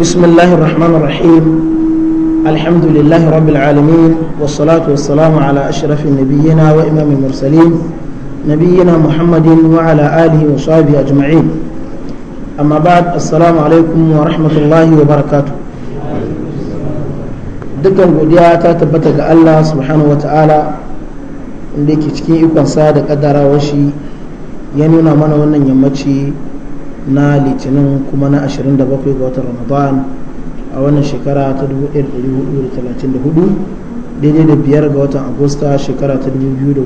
بسم الله الرحمن الرحيم الحمد لله رب العالمين والصلاة والسلام على أشرف النبيين وإمام المرسلين نبينا محمد وعلى آله وصحبه أجمعين أما بعد السلام عليكم ورحمة الله وبركاته dukkan godiya ta tabbata ga Allah subhanahu wata'ala inda yake cikin ikonsa da kaddarawar shi ya nuna mana wannan yammaci na litinin kuma na 27 ga watan ramadan a wannan shekara ta 1434 daidai da biyar ga watan agusta shekara ta 2013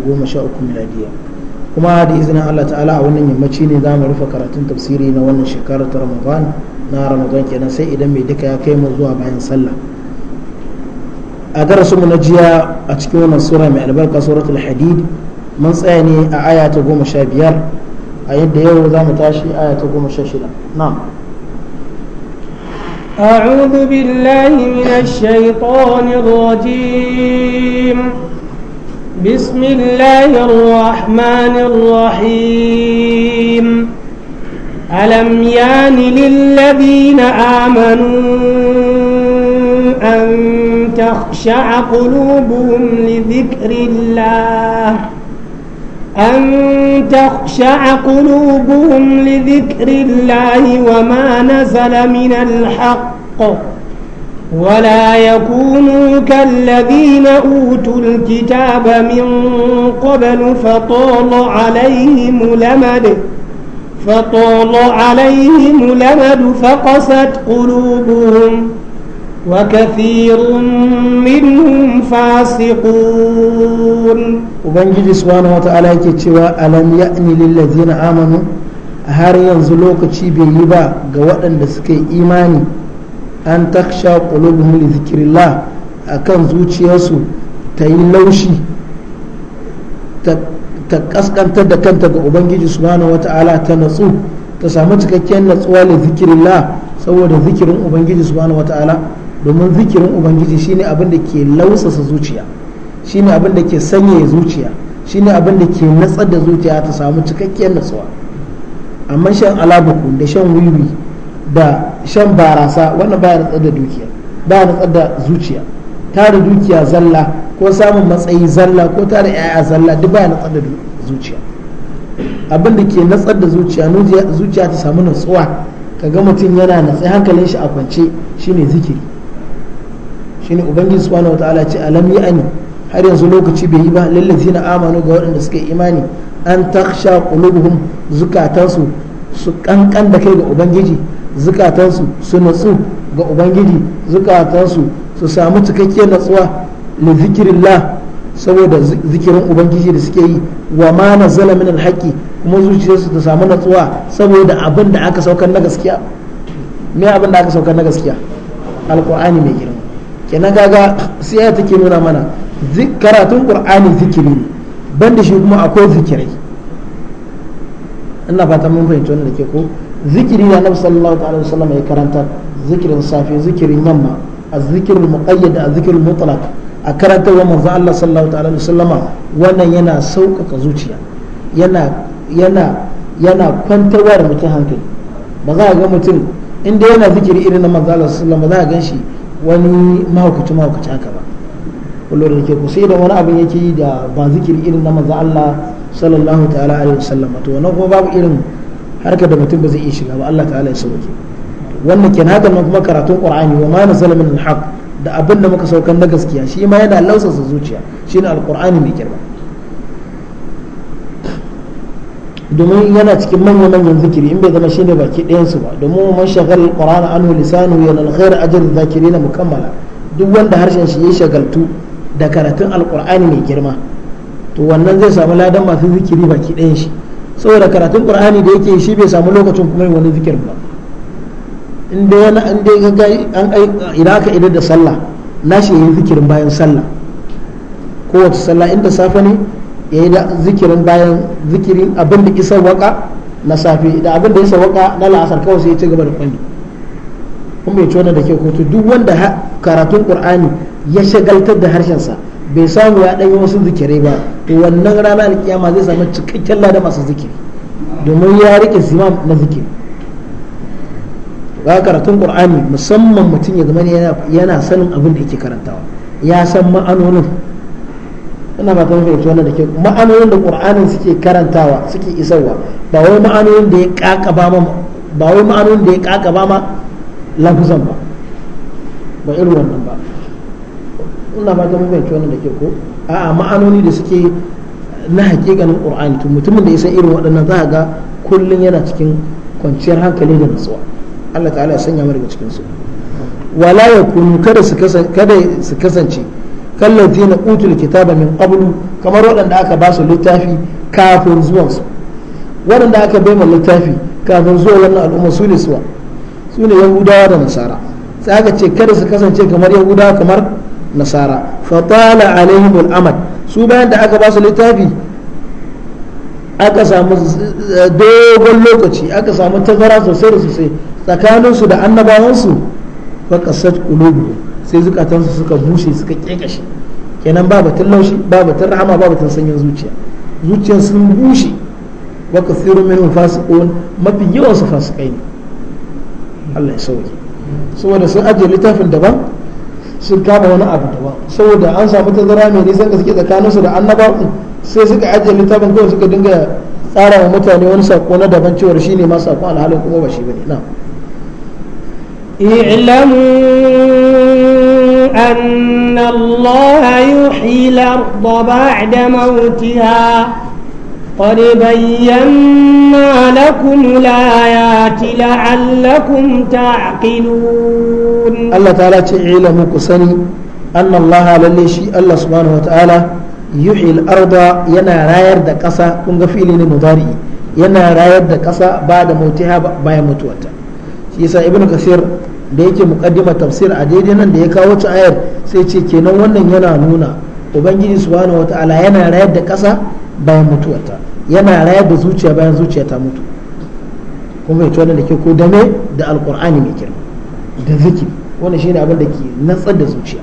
miladiya kuma da izinin allah ta'ala a wannan yammaci ne za mu rufe karatun tafsiri na wannan shekara ta ramadan na ramadan kenan sai idan mai duka ya kai mu zuwa bayan sallah a darasin mu na jiya a cikin wannan sura mai albarka suratul hadid mun tsaya ne a aya ta goma sha biyar a yadda yau za mu tashi aya ta goma sha shida na'am أعوذ بالله من الشيطان الرجيم بسم الله الرحمن الرحيم ألم يان للذين آمنوا أن تخشع قلوبهم لذكر الله أن تخشع قلوبهم لذكر الله وما نزل من الحق ولا يكونوا كالذين أوتوا الكتاب من قبل فطال عليهم لمد فطال عليهم لمد فقست قلوبهم وكثير منهم فاسقون وبنجي سبحانه وتعالى يكتشوا ألم يأني للذين آمنوا har yanzu lokaci bai yi ba ga waɗanda suka yi imani an taksha qulubuhum li zikrillah akan zuciyarsu ta yi laushi ta kaskantar da kanta ga ubangiji subhanahu wata'ala ta natsu ta samu cikakken natsuwa li zikrillah saboda zikirin ubangiji subhanahu wata'ala domin zikirin ubangiji shine abin da ke lausasa zuciya shine abin da ke sanyaya zuciya shine abin da ke natsar da zuciya ta samu cikakkiyar natsuwa amma shan alabaku da shan wiwi da shan barasa wannan baya natsar da dukiya baya natsar da zuciya tare dukiya zalla ko samun matsayi zalla ko tare yaya zalla duk baya natsar da zuciya abin da ke natsar da zuciya zuciya ta samu natsuwa kaga mutum yana natsai hankalin shi a kwance shine zikiri shine ubangiji subhanahu wataala ce alam ani har yanzu lokaci bai yi ba na amanu ga waɗanda suka yi imani an taksha qulubuhum zukatansu su kankan da kai ga ubangiji zukatansu su natsu ga ubangiji zukatansu su samu cikakkiyar natsuwa li zikirillah saboda zikirin ubangiji da suke yi wa ma nazala min alhaqi kuma zuciyarsu ta samu natsuwa saboda abin da aka saukar na gaskiya me abin da aka saukar na gaskiya alqur'ani mai girma kenan kaga sai ya take nuna mana karatun qur'ani zikiri ne banda shi kuma akwai zikirai ina fata mun fahimci wannan da ke ko zikiri na nabi sallallahu alaihi wasallam ya karanta zikirin safe zikirin yamma azzikrul muqayyad azzikrul mutlaq a karantar wa manzo Allah sallallahu alaihi wasallama wannan yana sauƙaƙa zuciya yana yana yana kwantarwa da mutum hankali ba za a ga mutum inda yana zikiri irin na manzo Allah sallallahu alaihi wasallama za a ganshi wani mahaukaci mahaukaci haka ba kullum da ke ku sai da wani abin yake yi da ba zikiri irin na manzo Allah sallallahu ta'ala alaihi wasallam to wannan kuma babu irin harkar da mutum ba zai iya shiga ba Allah ta'ala ya sauke wannan kenan haka kuma karatun qur'ani wa ma nazala min al-haq da abin da muka saukar na gaskiya shi ma yana lausasa zuciya shine alqur'ani mai girma domin yana cikin manya manyan zikiri in bai zama ne baki ɗayan su ba domin man shagal alqur'ana anhu lisanu ya alkhair zakiri na mukammala duk wanda harshen shi ya shagaltu da karatun alkur'ani mai girma to wannan zai samu ladan masu zikiri baki ɗayan shi saboda karatun ƙur'ani da yake shi bai samu lokacin kuma wani zikir ba in dai yana an dai ga an idan aka idar da sallah nashi yayin zikirin bayan sallah kowace sallah inda safe ne ya yi zikirin bayan zikirin abin da isa waka na safe da abin da ya sawaka na la'asar kawai sai ya ci gaba da kwalli kuma ya ci da ke kotu duk wanda karatun qur'ani ya shagaltar da harshensa bai samu ya ɗanyi wasu zikirai ba to wannan rana da kiyama zai samu cikakken lada masu zikiri domin ya rike zimam na zikiri ba karatun qur'ani musamman mutum ya zama yana sanin abin da yake karantawa ya san ma'anonin ina ba ta mafi wannan da ke ma'anoyin da qur'anin suke karantawa suke isarwa ba wai ma'anoyin da ya ba ma ba wai ma'anoyin da ya ba ma lafuzan ba ba irin wannan ba ina ba ta mafi wannan da ke ko a'a ma'anoni da suke na hakikanin qur'ani to mutumin da ya san irin waɗannan za ga kullun yana cikin kwanciyar hankali da nutsuwa Allah ta'ala ya sanya mu daga cikin su wala yakunu kada su kasance kallazina utul kitaba min qablu kamar waɗanda aka ba su littafi kafin su waɗanda aka bai mu littafi kafin zuwa wannan al'umma su ne suwa su ne yahudawa da nasara sai aka ce kada su kasance kamar yahudawa kamar nasara fatala alaihim al'amal su bayan da aka ba su littafi aka samu eh, dogon lokaci aka samu tazara sosai da sosai tsakaninsu da annabawansu fa qasat qulubuhum sai zukatansu suka bushe suka kekashe kenan ba batun laushi ba batun rahama ba batun sanyin zuciya zuciya sun bushe wa kathiru minhum fasiqun mafi yawan su fasikai ne Allah ya sauke saboda sun ajiye littafin daban sun kama wani abu daban saboda an samu tazara mai nisan da suke tsakaninsu da annabawan sai suka ajiye littafin kawai suka dinga tsara wa mutane wani sako na daban cewar shine ma sako alhalin kuma ba shi bane na'am اعلموا أن الله يحيي الأرض بعد موتها قد بينا لكم الآيات لعلكم تعقلون الله تعالى تعلم كسني أن الله للي شيء الله سبحانه وتعالى يحيي الأرض ينا راير دا قصة كن غفيلين مضاري ينا راير دا قصة بعد موتها بعد موتها shi ابن كثير da yake mukaddima tafsir a daidai nan da ya kawo ci ayar sai ce kenan wannan yana nuna ubangiji subhanahu wataala yana rayar da kasa bayan mutuwarta yana rayar da zuciya bayan zuciya ta mutu kuma ya wannan da ke ko dame da alqur'ani mai girma da zikiri wannan shine abin da ke natsar da zuciya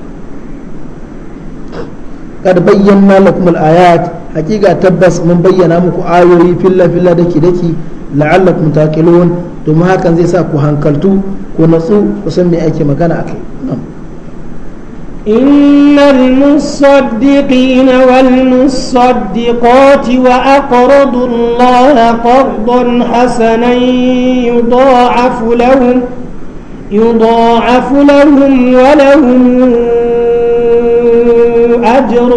kad bayyana lakum ayat hakika tabbas mun bayyana muku ayoyi filla filla daki daki la'allakum taqilun domin hakan zai sa ku hankaltu ku natsu ku san me ake magana a kai إن المصدقين والمصدقات وأقرضوا الله قرضا حسنا يضاعف لهم يضاعف لهم ولهم أجر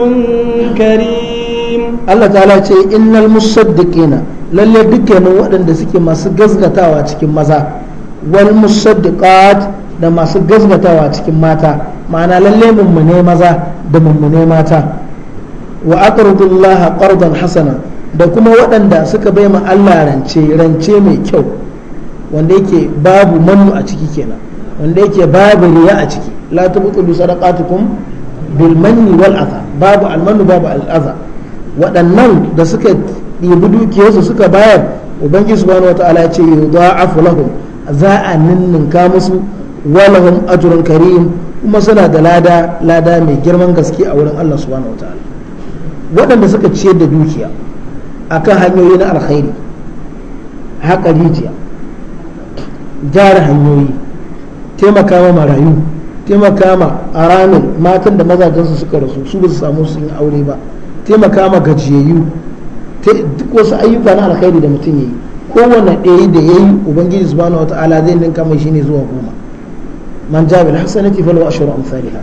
كريم Allah ta'ala ce innal musaddiqina lalle dukkanin waɗanda suke masu gazgatawa cikin maza wal musaddiqat da masu gazgatawa cikin mata ma'ana lalle mummune maza da mummune mata wa aqradullaha qardan hasana da kuma waɗanda suka bai ma Allah rance rance mai kyau wanda yake babu mannu a ciki kenan wanda yake babu riya a ciki la tubqulu sadaqatukum bil manni wal adha babu al babu al adha waɗannan da suka ɗibi dukiyarsu suka bayar ubangiji subhanahu wataala ya ce yudha'afu lahum za a ninninka musu walahum ajrun karim kuma suna da lada lada mai girman gaske a wurin Allah subhanahu wataala waɗanda suka ciyar da dukiya akan hanyoyi na alkhairi haka rijiya gyara hanyoyi taimaka ma marayu taimaka ma aramin matan da mazajensu suka rasu su ba su samu su yi aure ba taimaka ma gajiyayyu duk wasu ayyuka na alkhairi da mutum ya yi kowane ɗaya da ya yi ubangiji subhanahu wa ta'ala zai ninka mai ne zuwa goma man na hasanati fal wa ashru amsalha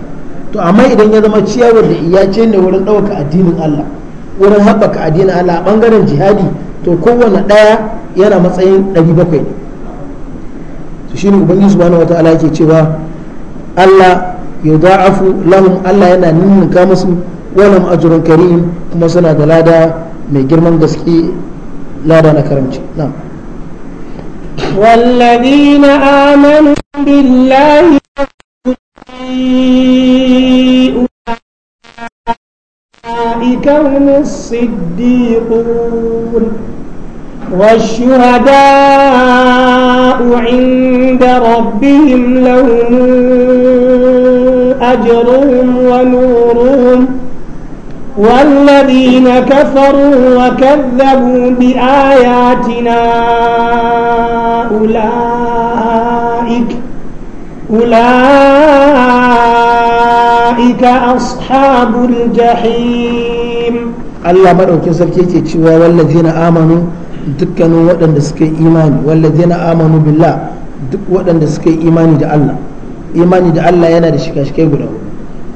to amma idan ya zama ciyawar da iyace ne wurin ɗauka addinin Allah wurin haɓaka addinin Allah a bangaren jihadi to kowane ɗaya yana matsayin 700 ne to shine ubangiji subhanahu wa ta'ala yake cewa Allah da'afu lahum Allah yana ninka musu ولم أجر كريم كما سنة لادا من جرمان قسكي لادا نكرمتي نعم والذين آمنوا بالله أولئك هم الصديقون والشهداء عند ربهم لهم أجرهم ونورهم والذين كفروا وكذبوا بآياتنا أولئك أولئك أصحاب الجحيم الله مدعوكي سركيكي تشوى والذين آمنوا dukkanin waɗanda suka yi imani wallazi na amanu billah duk waɗanda suka yi imani da Allah imani da Allah yana da shika-shikai guda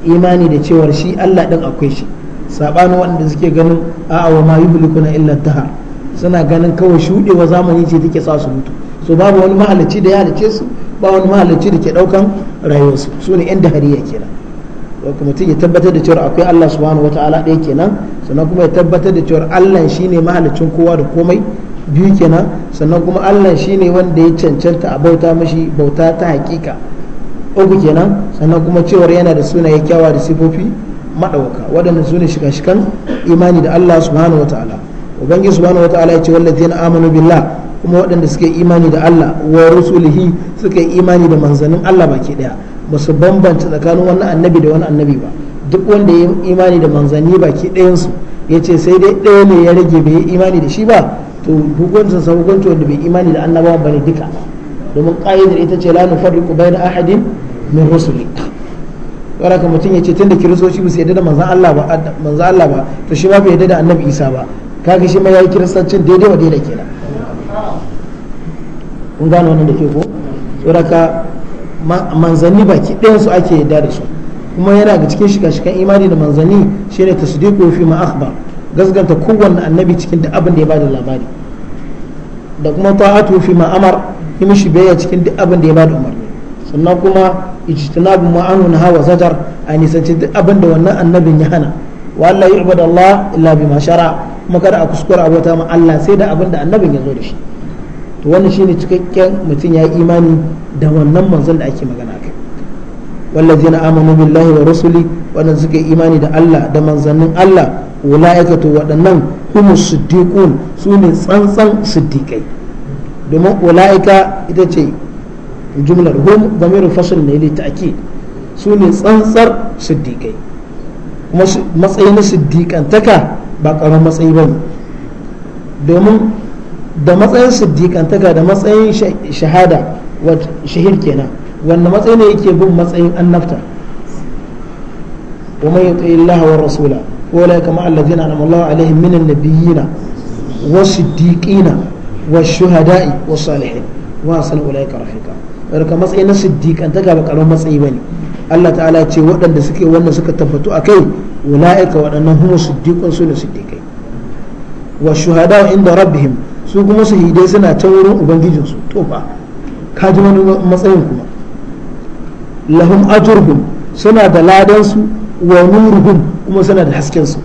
imani da cewar shi Allah ɗin akwai shi sabanin waɗanda suke ganin a'a wa ma yublikuna illa taha suna ganin kawai shudewa zamani ce take sa su mutu so babu wani mahalicci da ya halice su ba wani mahalicci da ke ɗaukan rayuwarsu su ne yan ya kenan kuma mutum ya tabbatar da cewa akwai Allah subhanahu wataala ɗaya kenan sannan kuma ya tabbatar da cewa Allah shine mahalicin kowa da komai biyu kenan sannan kuma Allah shine wanda ya cancanta a bauta mashi bauta ta hakika uku kenan sannan kuma cewar yana da sunaye kyawa da sifofi madawaka waɗanda su ne shikan-shikan imani da Allah subhanahu wa ta'ala subhanahu wa ta'ala ya ce wallazi na amanu billah kuma waɗanda suke imani da Allah wa rusulihi suke imani da manzannin Allah baki daya ba su bambanta tsakanin wani annabi da wani annabi ba duk wanda ya imani da manzanni baki ɗayansu ya ce sai dai ɗaya ne ya rage bai imani da shi ba to hukuncin sa hukunci wanda bai imani da annabawa bane duka domin ƙa'idar ita ce la nufarriqu bayna ahadin min rusuli wanda ka mutum ya ce tun da kiristoci ba su yadda da manzan Allah ba manzan Allah ba to shi ma bai yadda da annabi Isa ba kaga shi ma yayi kiristancin daidai wa daidai kenan kun gano wannan da ke ko wanda ka manzanni baki ɗayan su ake yadda da su kuma yana ga cikin shika-shikan imani da manzanni shine tasdiqu fi ma akhbar gasganta kowanne annabi cikin da abin da ya bada labari da kuma ta'atu fi ma amar yi mishi biyayya cikin duk abin da ya bada umarni sannan kuma ijtinabu ma hawa zajar a nisanci duk abin da wannan annabin ya hana wa Allah ya ibada Allah illa bima shara kuma kada a kuskura abota ma Allah sai da abin da annabin ya zo da shi to wannan shine cikakken mutum ya yi imani da wannan manzon da ake magana kai wallazina amanu billahi wa rasuli wannan suka yi imani da Allah da manzannin Allah ulaika to waɗannan humus siddiqun sune tsantsan siddiqai domin ulaika ita ce jumlar hum zamirin fasl ne li ta'kid su ne tsantsar siddiqai kuma matsayi na siddiqantaka ba karon matsayi ba ne domin da matsayin siddiqantaka da matsayin shahada wat shahid kenan wanda matsayi ne yake bin matsayin annabta wa man yi illaha wa rasula أولئك مع الذين أنعم wa عليهم wa النبيين wa والشهداء wa وأصل أولئك رفيقا daga matsayi na ta ba karamin matsayi ba ne Allah ta'ala ce waɗanda suke wannan suka tabbatu a kai wula'ika waɗannan humu siddiƙun su ne siddiƙai wa shuhada inda rabbihim su kuma su hidai suna can wurin ubangijinsu to fa ka ji wani matsayin kuma lahum suna da ladansu wa nuruhum kuma suna da hasken su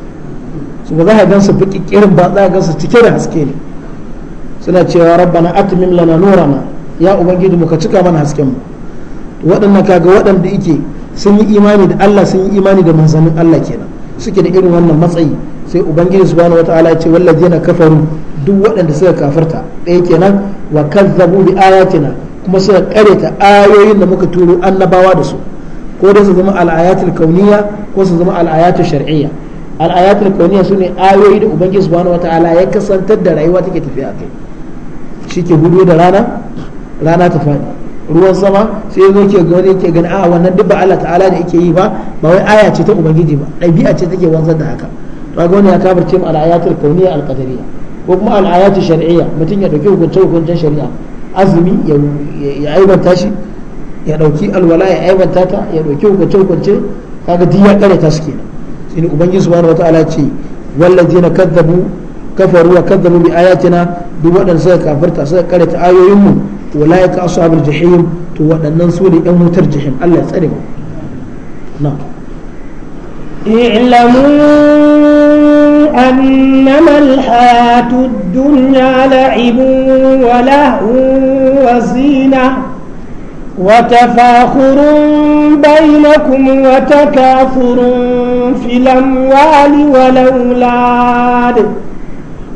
ba za ka gansu baki kirin ba za ka gansu cike da haske ne suna cewa rabbana atmim lana nurana ya ubangiji mu ka cika mana hasken mu waɗannan kaga waɗanda yake sun yi imani da Allah sun yi imani da manzannin Allah kenan suke da irin wannan matsayi sai ubangiji subhanahu wataala ya ce wallazina kafaru duk waɗanda suka kafarta ɗaya kenan wa kazzabu bi ayatina kuma suka kareta ayoyin da muka turo annabawa da su ko da su zama al'ayatul kauniya ko su zama al'ayatul shar'iyya al'ayatul kauniya sune ayoyi da ubangiji subhanahu wataala ya kasantar da rayuwa take tafiya kai shike gudu da rana rana ta faɗi ruwan sama sai ya zo ke gani yake gani a ah, wannan duk ba Allah ta'ala da yake yi ba ba wai aya ce ta ubangiji ba ɗabi'a ce take wanzar da haka to ga wani ya kafirce mu al-ayatul kauniyya al-qadariyya ko kuma al-ayatul shar'iyya mutum ya dauki hukuncin hukuncen shari'a azumi ya aibanta shi ya dauki alwala ya aibanta ta ya dauki hukunce hukunce kaga duk ya kare ta su kenan shine ubangiji subhanahu wataala ce wallazina kadzabu kafaru wa kadzabu bi ayatina duk waɗanda suka kafirta suka kare ta ayoyinmu. mu wala ya ka su abin jihim to waɗannan su da ‘yan mutar jihim Allah ya tsare ba na i'lamu wata الحياة الدنيا لعب ولهو وزينة وتفاخر بينكم وتكاثر في الأموال والأولاد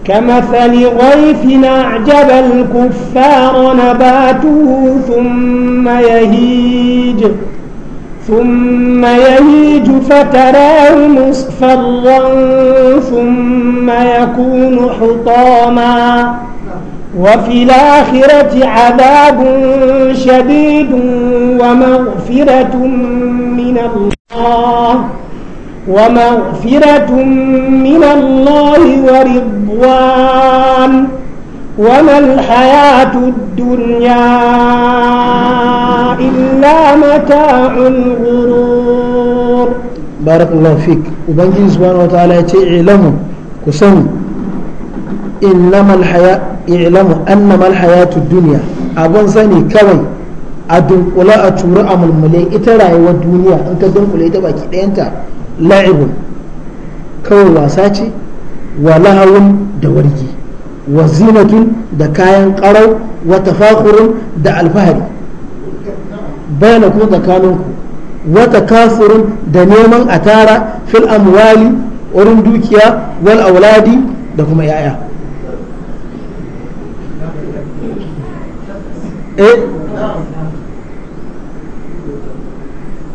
كمثل غيث أعجب الكفار نباته ثم يهيج ثم يهيج فتراه مصفرا ثم يكون حطاما وفي الآخرة عذاب شديد ومغفرة من الله ومغفرة من الله ورضوان وما الحياة الدنيا إلا متاع الغرور بارك الله فيك وبنجي سبحانه وتعالى اعلموا كسن إنما الحياة اعلموا أنما الحياة الدنيا أبون سني كوي أدنقل أتورا أمل ملي إترى ودنيا أنت دنقل إتبا كي la'ibun kawai wasa ce wa lahawun da wargi wa zinatun da kayan karau wa tafakurun da alfahari bayan ku tsakaninku wa da neman a tara fil amwali wurin dukiya wal auladi da kuma yaya eh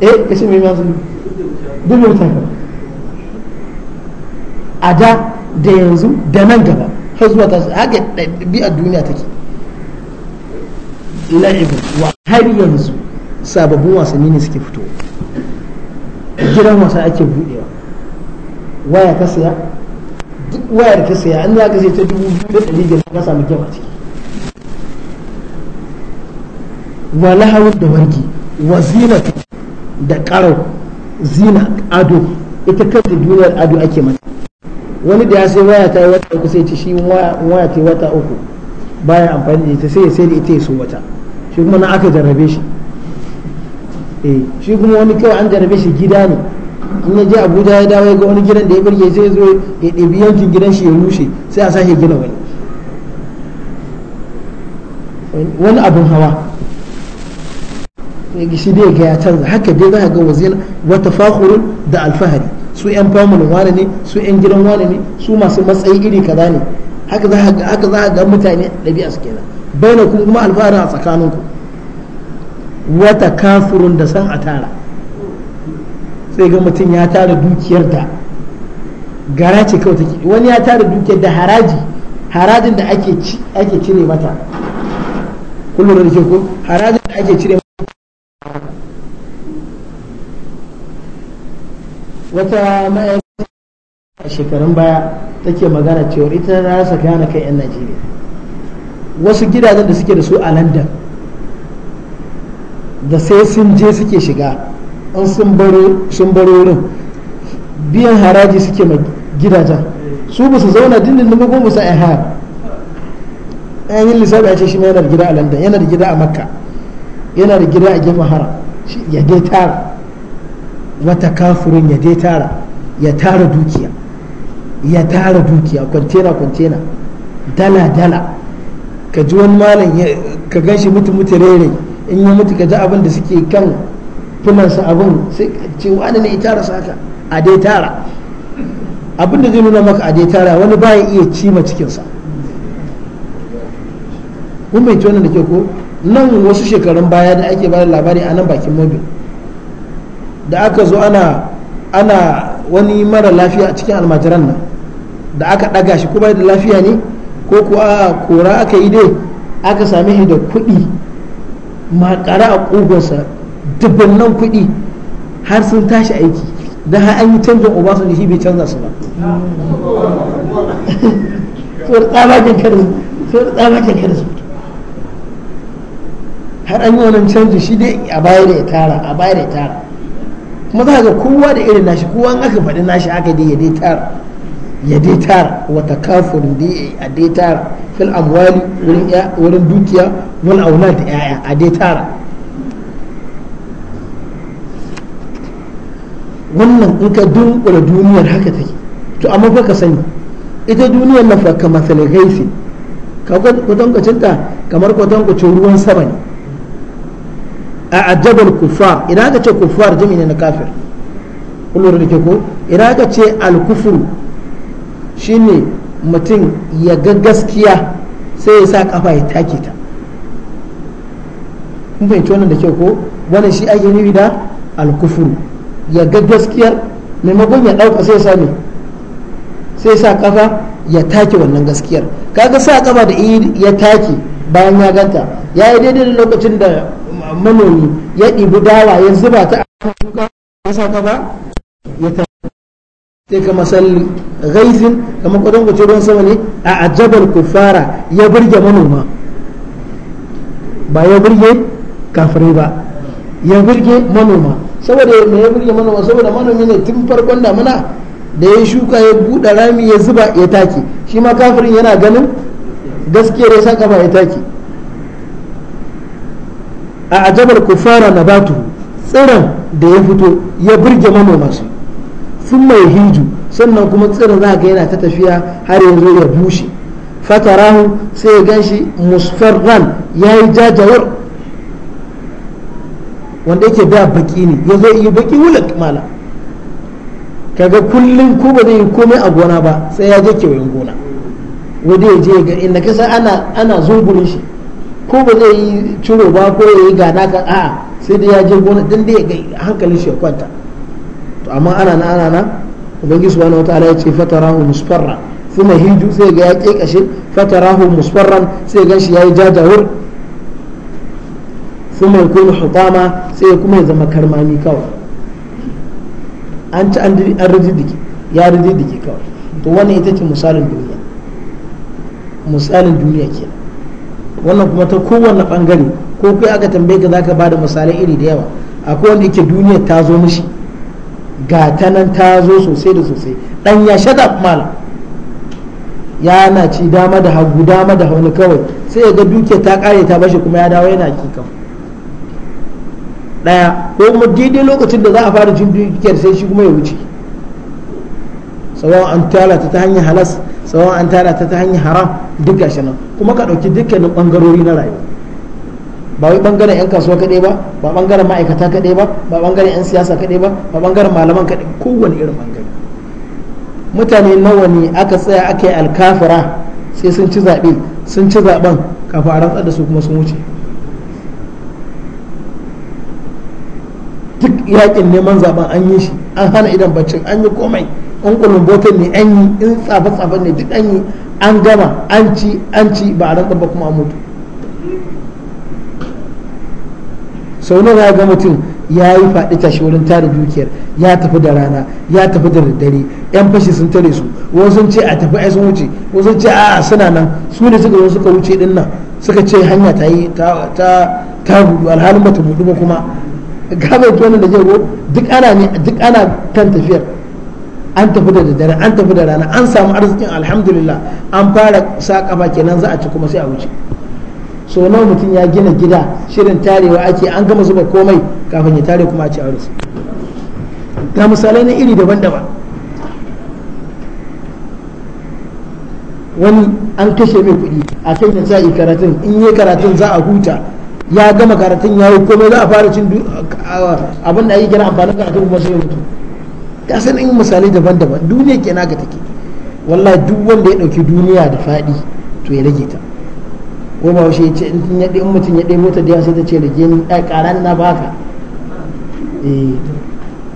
eh kashi mai masu dubu bai a da da yanzu da nan gaba har zuwa ta haka ɗabi'ar duniya take la'ibu wa har yanzu sababbin wasanni ne suke fito gidan wasa ake budewa waya ka saya duk wayar ka saya an za ka sai ta dubu biyu da ɗari biyar ka samu kyau a ciki wa lahawar da wargi wa zinata da ƙarau zina ado ita kanta duniyar ado ake mata wani da ya sai waya ta yi wata uku sai ce shi waya ta yi wata uku bayan amfani da ita sai ya sai da ita ya so wata shi kuma na aka jarrabe shi eh shi kuma wani kawai an jarrabe shi gida ne in ya je abuja ya dawo ga wani gidan da ya birge sai zo ya ɗebi yankin gidan shi ya rushe sai a sake gina wani wani abin hawa shi dai ga ya canza haka dai za ka ga wazina wata fakhurun da alfahari su yan famulin wane ne su yan gidan wane ne su masu matsayi iri kaza ne haka za ka ga mutane ɗabi'a su kenan bayan kun kuma alfahari a tsakanin ku wata kafurun da san a tara sai ga mutum ya tara dukiyar da gara ce kawai take wani ya tara dukiyar da haraji harajin da ake cire mata kullum da ke ko harajin da ake cire mata. wata ma'aikata a shekarun baya take magana cewa ita rasa gane kai 'yan najeriya wasu gidajen da suke da su a london da sai sun je suke shiga an sun baro wurin biyan haraji suke ma gidajen su ba su zauna dindindin ko musa a har an yi lissafi a ce shi ma yana da gida a london yana da gida a makka yana da gida a gefen haram ya dai tara wata kafirin ya dai tara ya tara dukiya ya tara dukiya kwantena kwantena dala dala ka ji wani malam ka gan shi mutu mutu rere in ya mutu ka ji abin da suke kan finansa abin sai ce wani ne ya tara saka a dai tara abin da zai nuna maka a dai tara wani baya iya cima cikinsa kuma bai ci wannan da ke ko nan wasu shekarun baya da ake bada labari a nan bakin mobil da aka zo ana ana wani mara lafiya a cikin almajiran nan da aka ɗaga shi ko bai da lafiya ne ko kuwa kora aka yi dai aka same shi da kuɗi makara a ƙugunsa nan kuɗi har sun tashi aiki da har an yi canjin obasanjo shi bai canza su ba tsohon karin har an yi wani canji shi dai a baya da ya tara a baya da ya tara kuma za ga kowa da irin nashi kowa an aka faɗi nashi aka dai ya dai tara ya dai tara wata kafin dai a dai tara fil amwali wurin dukiya wani auna da yaya a dai tara wannan in ka dunkula duniyar haka take to amma fa ka sani ita duniyar na fa kamar salgaisi ka kamar kwatankwacin ruwan sama ne a ajabar kufar idan aka ce kufar jimi ne na kafir kullum da ke ko idan aka ce alkufur ne mutum ya ga gaskiya sai ya sa kafa ya take ta kun fahimci wannan da ke ko wannan shi ake nufi da alkufur ya ga gaskiyar maimakon ya dauka sai ya sa sai sa kafa ya take wannan gaskiyar kaga sa kafa da ya take bayan ya ganta ya yi daidai da lokacin da manomi ya ɗibi dawa ya zuba ta a ya sa ka ba ya ta sai ka masalli ghaizin kamar kwadon kwace ruwan sama ne a ajabar kufara ya burge manoma ba ya burge kafirai ba ya burge manoma saboda me ya burge manoma saboda manomi ne tun farkon damuna da ya shuka ya buɗe rami ya zuba ya take shi ma kafirin yana ganin gaskiyar ya saka ba ya take a ajabar kufara na batu tsiran da ya fito ya burge manoma su sun mai hiju sannan kuma tsiran za ga yana ta tafiya har yanzu ya bushe fatarahu sai ya ganshi musfarran ya yi jajawar wanda yake da baki ne ya zo yi baki wulak mala kaga kullum ko ba zai yi komai a gona ba sai ya je kewayen gona wanda ya je ga inda kasa ana ana zungurin shi ko ba zai yi ciro ba ko ya yi gada ka a sai dai ya je gona din da ya ga hankalin shi ya kwanta to amma ana na ana na ubangi subhanahu wataala ya ce fatarahu musfarra thumma hiju sai ga ya kashe fatarahu musfarran sai ga shi yayi jajawur thumma yakunu hutama sai kuma ya zama karmami kawai an ci an rijidiki ya rijidiki kawai to wannan ita ce misalin duniya misalin duniya kenan wannan kuma ta kowanne bangare ko kai aka tambaye ka zaka bada misalai iri da yawa akwai wanda yake duniya ta zo mishi ga ta nan ta zo sosai da sosai dan ya shada mala ya na ci dama da hagu dama da hauni kawai sai ya ga duke ta kare ta bashi kuma ya dawo yana kika daya ko mu daidai lokacin da za a fara jin dukiyar sai shi kuma ya wuce sawa an tara ta ta hanyar halas sawa an tara ta ta hanyar haram duk gashi nan kuma ka ɗauki dukkanin ɓangarori na rayuwa ba wai ɓangaren 'yan kasuwa kaɗai ba ba ɓangaren ma'aikata kaɗai ba ba ɓangaren 'yan siyasa kaɗai ba ba ɓangaren malaman kaɗai kowane irin ɓangare mutane nawa ne aka tsaya aka yi alkafira sai sun ci zaɓe sun ci zaɓen kafin a rantsar da su kuma sun wuce duk yakin neman zaɓen an yi shi an hana idan baccin an yi komai in kullum botan ne an yi in tsafa tsafa ne duk an yi an gama an ci an ci ba a rantsar ba kuma a mutu sau nawa ga mutum ya yi faɗi tashi wurin tara dukiyar ya tafi da rana ya tafi da daddare yan fashi sun tare su wasu sun ce a tafi ai sun wuce wasu sun ce a'a suna nan su ne suka zo suka wuce din nan suka ce hanya ta yi ta ta hudu alhalin bata hudu ba kuma ga mai da jego duk ana ne duk ana kan tafiyar an tafi da daddare an tafi da rana an samu arzikin alhamdulillah an fara sa kafa kenan za a ci kuma sai a wuce so nawa mutum ya gina gida shirin tarewa ake an gama zuba komai kafin ya tare kuma a ci arziki ga misalai na iri daban-daban wani an kashe mai kuɗi a kai da za karatun in yi karatun za a huta ya gama karatun ya yi komai za a fara cin abin da ake kira amfanin karatun kuma sai ya mutu ka in misalai daban-daban duniya ke ga take wallahi duk wanda ya ɗauki duniya da faɗi to ya rage ta ko ba shi ce in ya ɗe mutum ya ɗe mota da sai ta ce rage ni ɗaya ƙara na baka eh,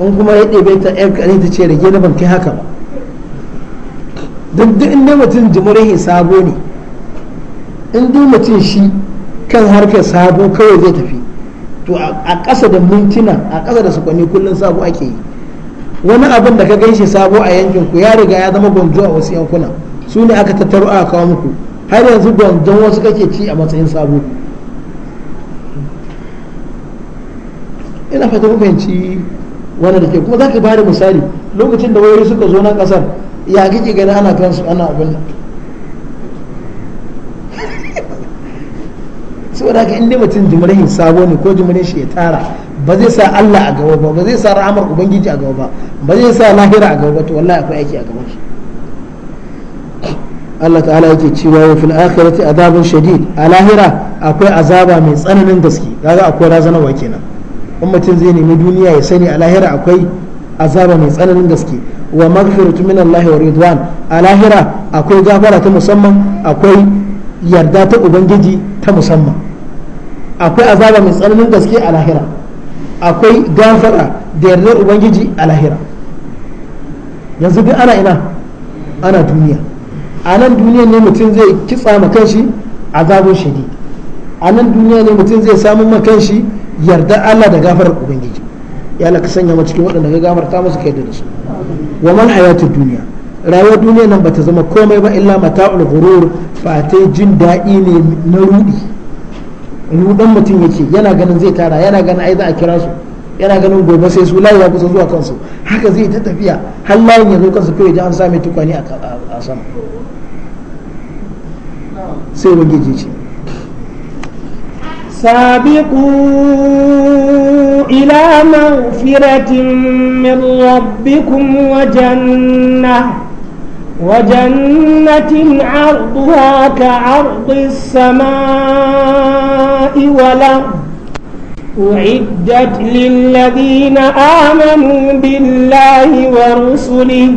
in kuma ya bai ta ɗaya ƙari ta ce rage na ban kai haka ba duk duk inda mutum jimurai sabo ne in dai mutum shi kan harkar sabo kawai zai tafi to a ƙasa da mintuna a ƙasa da sakwanni kullum sabo ake yi wani abin da ka gan shi sabo a yankin ku ya riga ya zama gwanjo a wasu yankuna su ne aka tattaro aka kawo muku har yanzu gwanjon wasu kake ci a matsayin sabo ina fata ku fahimci wani da ke kuma za ka ba da misali lokacin da wayoyi suka zo nan kasar ya kike gani ana kansu ana abin nan saboda haka in dai mutum jimirin sabo ne ko jimirin shi ya tara ba zai sa Allah a gaba ba ba zai sa rahamar ubangiji a gaba ba ba zai sa lahira a gaba ba to wallahi akwai aiki a gaban shi Allah ta'ala yake cewa wa fil akhirati adabun shadid a lahira akwai azaba mai tsananin gaske kaga akwai razanarwa kenan in mutum zai nemi duniya ya sani a lahira akwai azaba mai tsananin gaske wa maghfiratu min Allah wa ridwan a lahira akwai gafara ta musamman akwai yarda ta ubangiji ta musamman akwai azaba mai tsananin gaske a lahira akwai gafara da yardar ubangiji a lahira yanzu duk ana ina ana duniya a nan duniya ne mutum zai kitsa ma kanshi azabun shadi a nan duniya ne mutum zai samun ma kanshi yarda Allah da gafarar ubangiji ya laka sanya ma cikin waɗanda ga ta musu kai da su wa man hayatu duniya rayuwar duniya nan bata zama komai ba illa mata'ul ghurur fa jin dadi ne na rudi dan mutum ya ce yana ganin zai tara yana ganin ai za a kira su yana ganin gobe sai su layi ya kusa zuwa kansu haka zai ta tafiya har layin ya zo kansu kawai an sami tukwane a sama sai wani wage jici سابقوا إلى مغفرة من ربكم وجنة وجنة عرضها كعرض السماء ولم أعدت للذين آمنوا بالله ورسله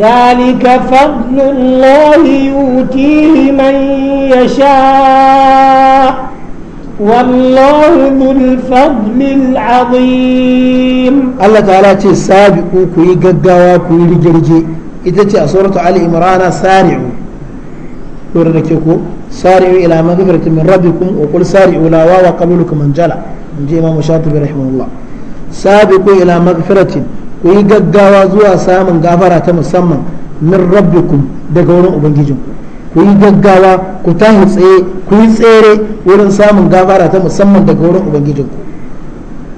ذلك فضل الله يؤتيه من يشاء والله ذو الفضل العظيم الله تعالى سابقوا كي غغاوا كوي لجرجي إذا سورة علي إمرانا سارعوا لورا كيكو sari'u ila magfiratin min rabbikum wa qul sari'u la wa qablukum manjala in ji imam shatibi rahimahullah sabiqu ila magfiratin ku yi gaggawa zuwa samun gafara ta musamman min rabbikum daga wurin ubangijinku ku yi gaggawa ku tahi tsaye ku yi tsere wurin samun gafara ta musamman daga wurin ubangijinku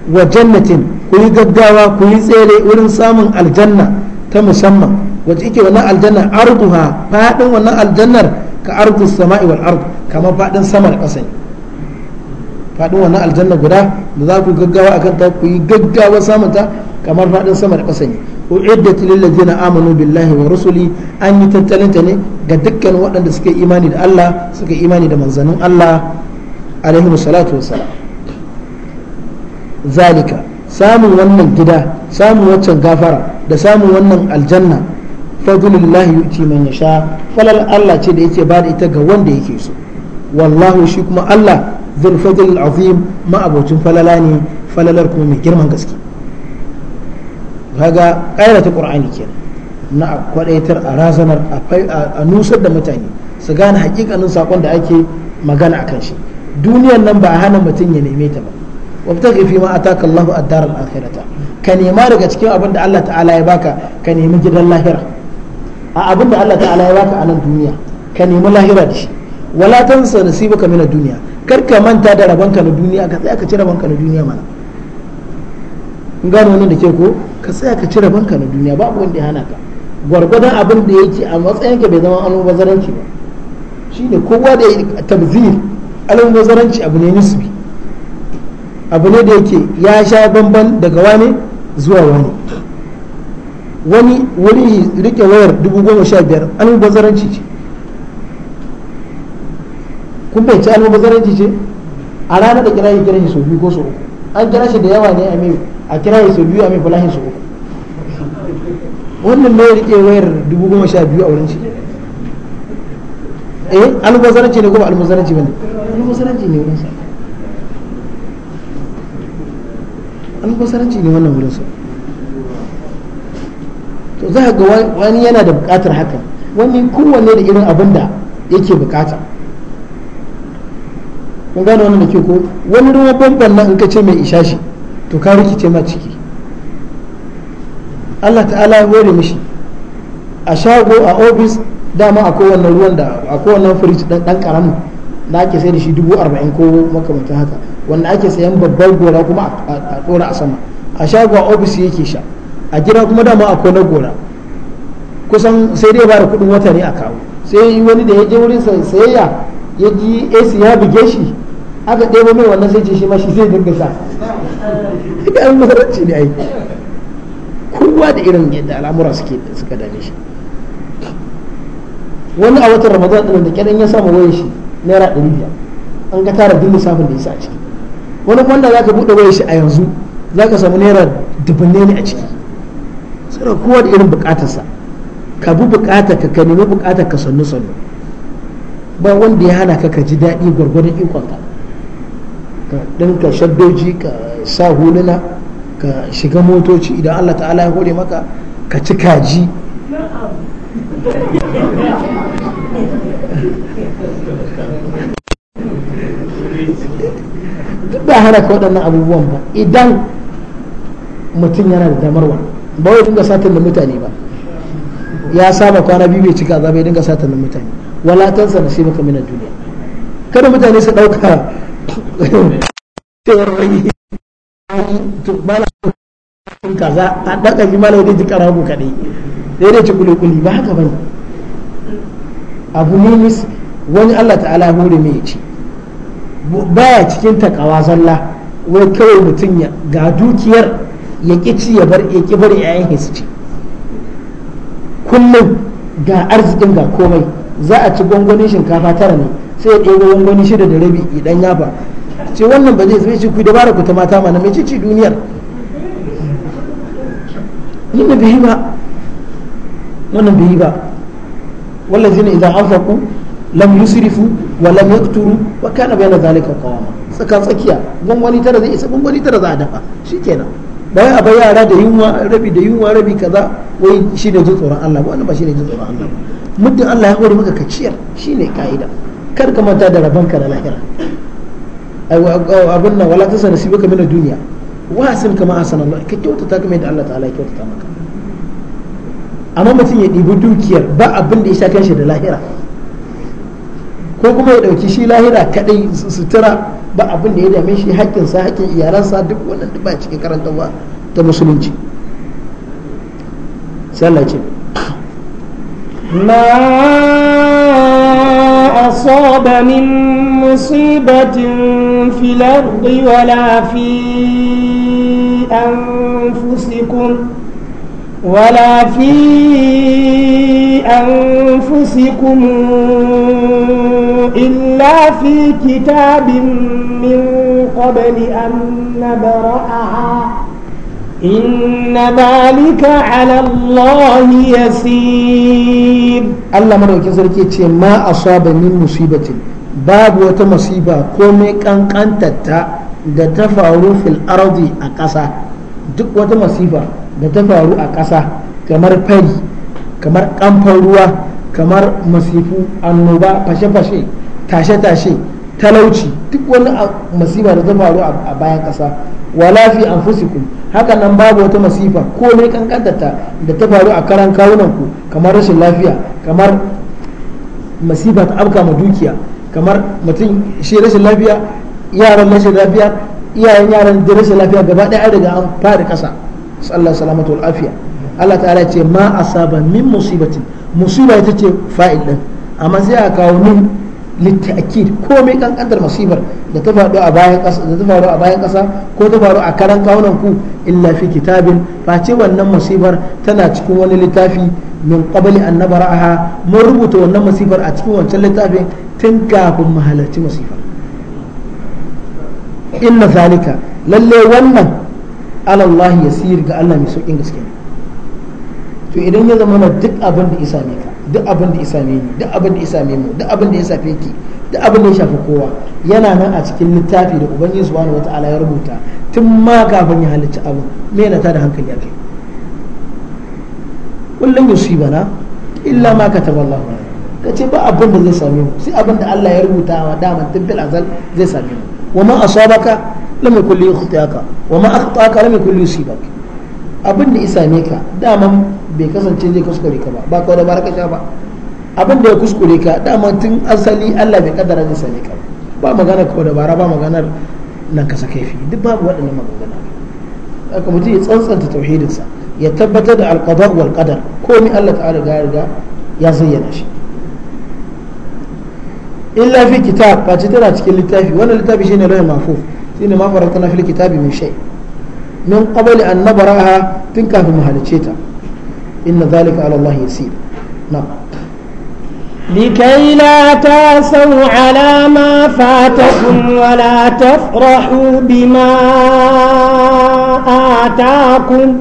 wa jannatin ku yi gaggawa ku yi tsere wurin samun aljanna ta musamman wacce ike wannan aljanna arduha fadin wannan aljannar ka ardu sama'i wal ard kamar faɗin sama da ƙasa ne wannan aljanna guda da za ku gaggawa akan ta ku yi gaggawa samun ta kamar faɗin sama da ƙasa ne u'iddat lil ladina amanu billahi wa rusuli an yi tattalin ta ne ga dukkan waɗanda suka yi imani da Allah suka yi imani da manzanin Allah alaihi salatu wassalam zalika samun wannan gida samun waccan gafara da samun wannan aljanna fadlillahi yuti man yasha falal Allah ce da yake ba da ita ga wanda yake so wallahu shi kuma Allah zul fadl azim ma abocin falala ne falalar kuma mai girman gaske kaga ƙaira ta qur'ani kenan na kwadaitar a razanar a nusar da mutane su gane hakikanin sakon da ake magana akan shi duniyar nan ba a hana mutum ya neme ta ba wabtaghi fi ma ataka Allahu ad-dar al-akhirata ka nema daga cikin abin da Allah ta'ala ya baka ka nemi gidan lahira a abin da Allah ta'ala ya baka a nan duniya ka nemi lahira da shi wala tansa nasibaka min duniya kar ka manta da rabanka na duniya ka tsaya ka ci rabanka na duniya mana in gano wannan da ke ko ka tsaya ka ci rabanka na duniya babu wanda ya hana ka gwargwadon abin da yake a matsayin ka bai zama almubazaranci ba shine kowa da ya tabzir almubazaranci abu ne nisbi abu ne da yake ya sha bamban daga wane zuwa wani. wani wuri rike wayar dubu goma sha biyar almubazaranci ce kun bai ce almubazaranci ce a ranar da kira yi kira shi sau biyu ko sau uku an kira shi da yawa ne a mai a kira shi sau biyu a mai falahin sau uku wannan mai rike wayar dubu goma sha biyu a wurin shi eh almubazaranci ne kuma ba almubazaranci ba ne almubazaranci ne wurin sa almubazaranci ne wannan wurin sa to za ga wani yana da bukatar haka wani kowanne da irin abin da yake bukata kun gane wannan da ke ko wani ruwa bamban nan in ka ce mai shi to ka rikice ma ciki Allah ta'ala ya hore mishi a shago a ofis dama akwai wannan ruwan da akwai wannan firij dan karamin da ake sai da shi dubu arba'in ko makamantan haka wanda ake sayan babbar gora kuma a dora a sama a shago a ofis yake sha a gida kuma dama akwai na gora kusan sai dai ba da kudin wata ne a kawo sai wani da ya je wurin sayayya ya ji AC ya buge shi aka ɗebo mai wannan sai ce shi ma shi zai dinga sa ga an masaranci ne ai kowa da irin yadda al'amura suke suka dame shi wani a watan ramadan ɗin da kenan ya samu wayan shi naira ɗari biyar an ka tara duk lissafin da ya sa a ciki wani kwanda za ka buɗe wayan shi a yanzu za ka samu naira dubanne ne a ciki sai kowa da irin bukatarsa ka bi bukata ka nemi bukatar ka sannu sannu ba wanda ya hana ka ka ji daɗi gwargwadon ikonka ka ka shaddoji ka sa huluna ka shiga motoci idan Allah ta'ala ya hore maka ka ci kaji duk ba hana ka waɗannan abubuwan ba idan mutum yana da damarwa ba wai dinga satar da mutane ba ya saba kwana biyu bai cika za bai dinga satar da mutane wala tansa nasibaka min ad duniya kada mutane su dauka teori mala kun kaza a daka ji mala dai ji karago kadai dai dai ci kulikuli ba haka bane abu mumis wani Allah ta'ala hore mai ci baya cikin takawa zalla wai kawai mutum ya ga dukiyar ya ƙi ci ya bar ya ƙi bari ƴaƴan ci kullum ga arzikin ga komai za a ci gwangwanin shinkafa tara ne sai ya ɗebo gwangwani shida da rabi idan ya ba ce wannan ba zai zai ci ku dabara ku ta mata mana mai ci duniyar wannan bai ba wannan bai ba zina idan faku lam yusrifu wa lam yaqturu wa kana bayna zalika qawama tsaka tsakiya gwangwani tara zai isa gwangwani tara za a dafa shikenan wai a bai yara da yunwa rabi da yunwa rabi kaza wai shi ne jin tsoron Allah ba wannan ba shi ne jin tsoron Allah muddin Allah ya hore maka ka ciyar shi ne ka'ida kar ka manta da ka da lahira abin nan wala tasa nasibu ka mina duniya wa sun kama sanar Allah ka kyautata kamar da Allah ta'ala ya kyautata maka amma mutum ya ɗibi dukiyar ba abin da ya sha kanshi da lahira ko kuma ya ɗauki shi lahira kaɗai sutura ba abin da ya dame shi haƙƙinsa haƙƙin iyalansa duk wannan duk ba cikin ba ta musulunci sallace ma asaba min musibatin fil ardi wala fi anfusikum ولا في أنفسكم إلا في كتاب من قبل أن نبرأها إن ذلك على الله يسير الله مرة كذلك ما أصاب من مصيبة باب وتمصيبة كومي كان كانت da ta faru fil ardi a ƙasa duk wata masifa da ta faru a ƙasa kamar fari kamar ƙamfan ruwa kamar masifu annoba fashe-fashe tashe-tashe talauci duk wani masifa da ta faru a bayan ƙasa wala an anfusikum haka nan babu wata masifa ko ne kankantarta da ta faru a karan kawunanku kamar rashin lafiya kamar masifa ta afka ma dukiya kamar mutum shi rashin lafiya yaran rashin lafiya iyayen yaran da rashin lafiya gaba ɗaya daga an fara ƙasa sallallahu salamatu wal afiya Allah ta'ala ce ma asaba min musibatin musiba ita ce fa'il din amma sai a kawo min litta'kid komai kankantar musibar da ta faru a bayan kasa da ta faru a bayan kasa ko ta faru a karan kawunan ku illa fi kitabin ce wannan musibar tana cikin wani littafi min qabli an nabara'aha mun rubuta wannan musibar a cikin wancan littafin tun kafin mu halarci musibar inna zalika lalle wannan alallahi yasir ga Allah mai saukin gaske to idan ya zama na duk abin da isa ka duk abin da isa ni duk abin da isa mu duk abin da ya shafe ki duk abin da ya shafi kowa yana nan a cikin littafi da ubangiji subhanahu wataala ya rubuta tun ma kafin ya halicci abu me yana tada hankali akai kullum yusibana illa ma kataballahu ka ce ba abin da zai same mu sai abin da Allah ya rubuta wa dama tun fil azal zai same mu wa ma asabaka lam yakul li yakhtaka wa ma akhtaka lam yakul yusibak abin da isa ne ka daman bai kasance zai kuskure ka ba ba ka da baraka sha ba abin da ya kuskure ka daman tun asali Allah bai kaddara zai same ka ba magana ka da bara ba maganar nan kasa kaifi duk babu waɗannan maganganu haka mutum ya tsantsanta tauhidinsa ya tabbatar da alqadar wal qadar komai Allah ta'ala ga riga ya zayyana shi illa fi kitab ba tana cikin littafi wannan littafi shine lawal mahfuz shine ma faratna fil kitabi min shay min qabli an nabaraha tun kafin mu halice ta inna zalika ala Allah yasir na'am لكي لا تاسوا على ما فاتكم ولا تفرحوا بما آتاكم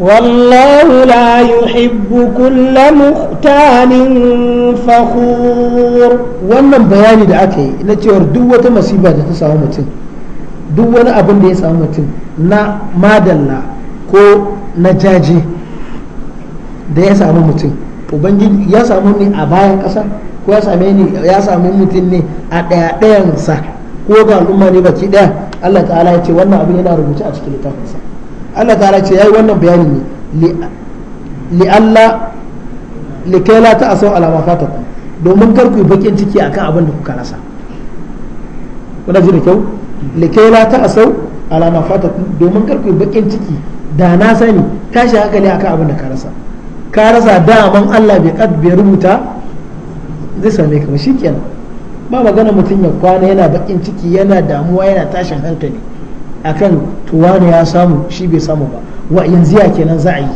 والله لا يحب كل مختال فخور wannan bayani da aka yi na cewar duk wata da ta samu mutum duk wani abin da ya samu mutum na madalla ko na jaji da ya samu mutum ubangiji ya samu ne a bayan ƙasa ko ya same ni ya samu mutum ne a ɗaya ɗayansa ko ga al'umma ne baki ɗaya Allah ta'ala ya ce wannan abin yana rubuce a cikin littafinsa Allah ta'ala ce yayi wannan bayani ne li Allah li kai la ta asau alama ku domin kar ku bakin ciki akan abin da kuka rasa kuna ji da kyau likai la ta asau ala fata domin kar bakin ciki da na sani tashi hankali akan abin da ka rasa ka rasa daman Allah bai kad bai rubuta zai same ka shikenan ba magana mutum ya kwana yana bakin ciki yana damuwa yana tashin hankali akan tuwa ne ya samu shi bai samu ba wa yanzu ya kenan za a yi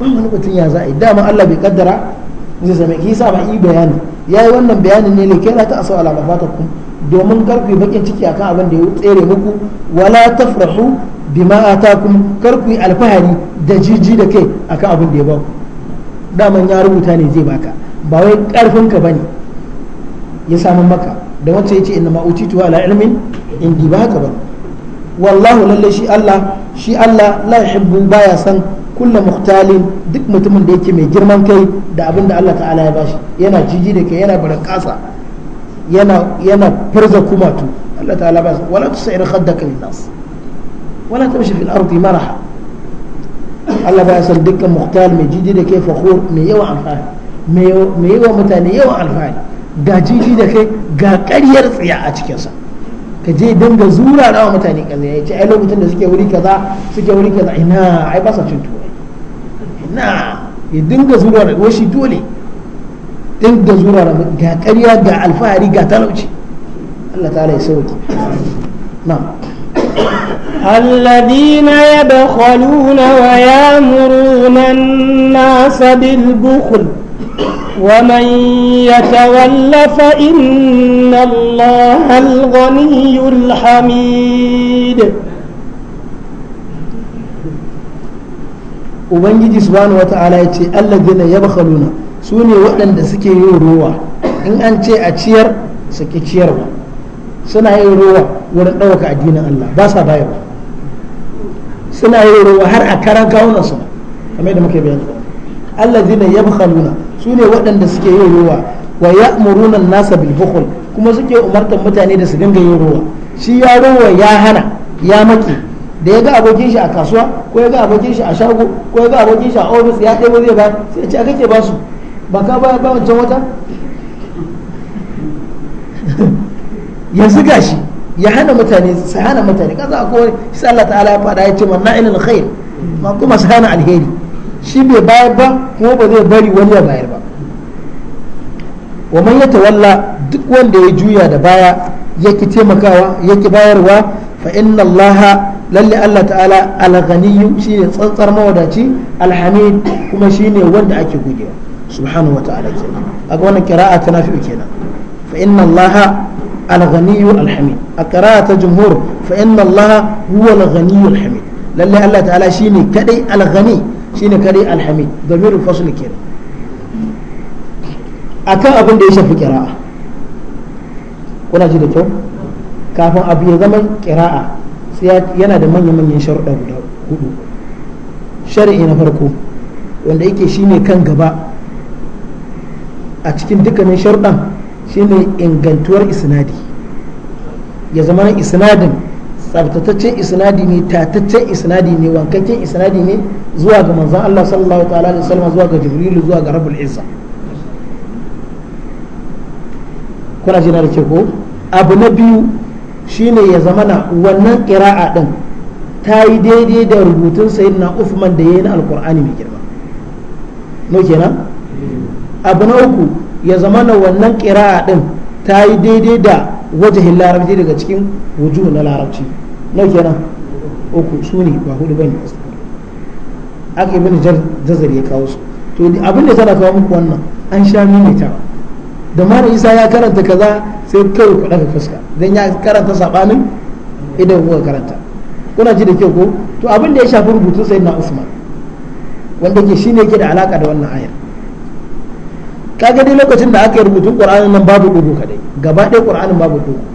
ba wani mutum ya za a yi dama Allah bai kaddara zai same ka sa ba yi bayani ya yi wannan bayanin ne ke la ta asau ala kun domin karku yi bakin ciki akan abin da ya tsere muku wala ta tafrahu bi ma'ata kun karku yi alfahari da jiji da kai akan abin da ya ba ku daman ya rubuta ne zai baka ba wai karfin ka bane ya samu maka da wacce ce inna ma tuwa ala ilmin indi ba haka ba wallahu lalle shi Allah shi Allah la yuhibbu baya san kulla muhtalin duk mutumin da yake mai girman kai da abin da Allah ta'ala ya bashi yana jiji da kai yana barin kasa yana yana firza kumatu Allah ta'ala ba wala tusair khaddaka lin nas wala tamshi fil ardi maraha Allah ba san dukkan muhtal mai jiji da kai fakhur mai yawa alfahari mai yawa mutane yawa alfahari ga jiji da kai ga ƙaryar tsiya a cikin sa. ka je dinga zura rawa mutane kaza ya ce ai lokacin da suke wuri kaza suke wuri kaza ina ai ba sa cin turai ina ya dinga zura rawa shi dole dinga zura rawa ga ƙarya ga alfahari ga talauci Allah ta'ala ya sauki na'am الذين يبخلون ويامرون الناس بالبخل ومن يتول فإن الله الغني الحميد ubangiji subhanahu wata'ala ya ce alladina yabkhaluna su ne waɗanda suke yin ruwa in an ce a ciyar su ki ciyarwa suna yin ruwa wurin ɗauka addinin Allah ba sa bayarwa suna yin ruwa har a karan kawunan su kamar yadda muke bayani alladina yabkhaluna su ne waɗanda suke yin ruwa wa ya'muruna nasa bil kuma suke umartar mutane da su dinga yin ruwa shi ya ruwa ya hana ya maki da ya ga abokin shi a kasuwa ko ya ga abokin shi a shago ko ya ga abokin shi a ofis ya ɗaya zai ba sai ce kake ba su ba ka ba ba wancan wata yanzu shi ya hana mutane sai hana mutane kaza akwai shi Allah ta'ala ya faɗa ya ce man na'ilul khair ma kuma su hana alheri shi bai bayar ba kuma ba zai bari wani ya bayar ba wa man ya tawalla duk wanda ya juya da baya yake taimakawa yake bayarwa fa inna Allah lalle Allah ta'ala al-ghaniyyu shine tsantsar mawadaci al-hamid kuma shine wanda ake gugewa subhanahu wa ta'ala kenan aga wannan qira'a tana fi kenan fa inna Allah al-ghaniyyu al-hamid a qira'a ta jumhur fa inna Allah huwa al-ghaniyyu al-hamid lalle Allah ta'ala shine kadai al-ghani shine kare alhamid domin fasl a kan abin da ya shafi kira'a kuna ji da kyau kafin abu ya zama kira'a sai yana da manya-manyan sharuɗa guda hudu shari'i na farko wanda yake shine kan gaba a cikin dukkanin sharuɗan shine ingantuwar isnadi ya zama isnadin tsabtataccen isnadi ne tataccen isnadi ne wankakken isnadi ne zuwa ga manzon Allah sallallahu ta'ala alaihi wasallam zuwa ga jibrilu zuwa ga rabbul izza kuna jina da ke ko abu na biyu shine ya zamana wannan qira'a din ta yi daidai da rubutun sayyidina Uthman da yayi na alqur'ani mai girma no kenan abu na uku ya zamana wannan qira'a din ta yi daidai da wajahin larabci daga cikin wujuhu na larabci nau kenan uku su ne ba hudu bane aka mini jazar ya kawo su to abin da tana kawo muku wannan an sha maimaita da mara isa ya karanta kaza sai kawai ku ka fuska don ya karanta sabanin idan kuka karanta kuna ji da kyau ko to abin da ya shafi rubutu sai na usman wanda ke shine yake da alaka da wannan ayar ka gani lokacin da aka yi rubutun nan babu dogo kadai gaba ɗaya qur'anin babu dogo.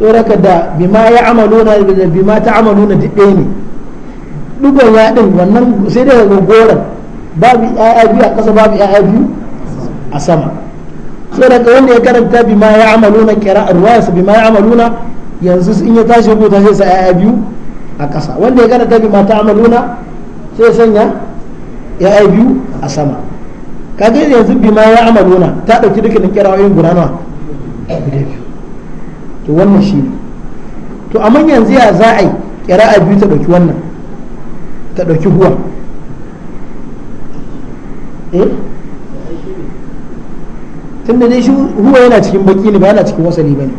tsoraka da bima ya amaluna da bima ta amaluna duk ɗaya ne dugon ya ɗin wannan sai dai ga goran babu ya'ya biyu a ƙasa babu ya'ya biyu a sama tsoraka wanda ya karanta bima ya amaluna kira a ruwayarsa bima ya amaluna yanzu in ya tashi rubuta sai sa ya'ya biyu a ƙasa wanda ya karanta bima ta amaluna sai sanya ya'ya biyu a sama kaga yanzu bima ya amaluna ta ɗauki dukkanin kirawoyin guda nawa guda biyu to wannan shi ne to amma yanzu ya za a yi a biyu ta ɗauki wannan ta ɗauki huwa tun eh? tunda dai shi huwa yana cikin baki ne ba yana cikin wasali ba ne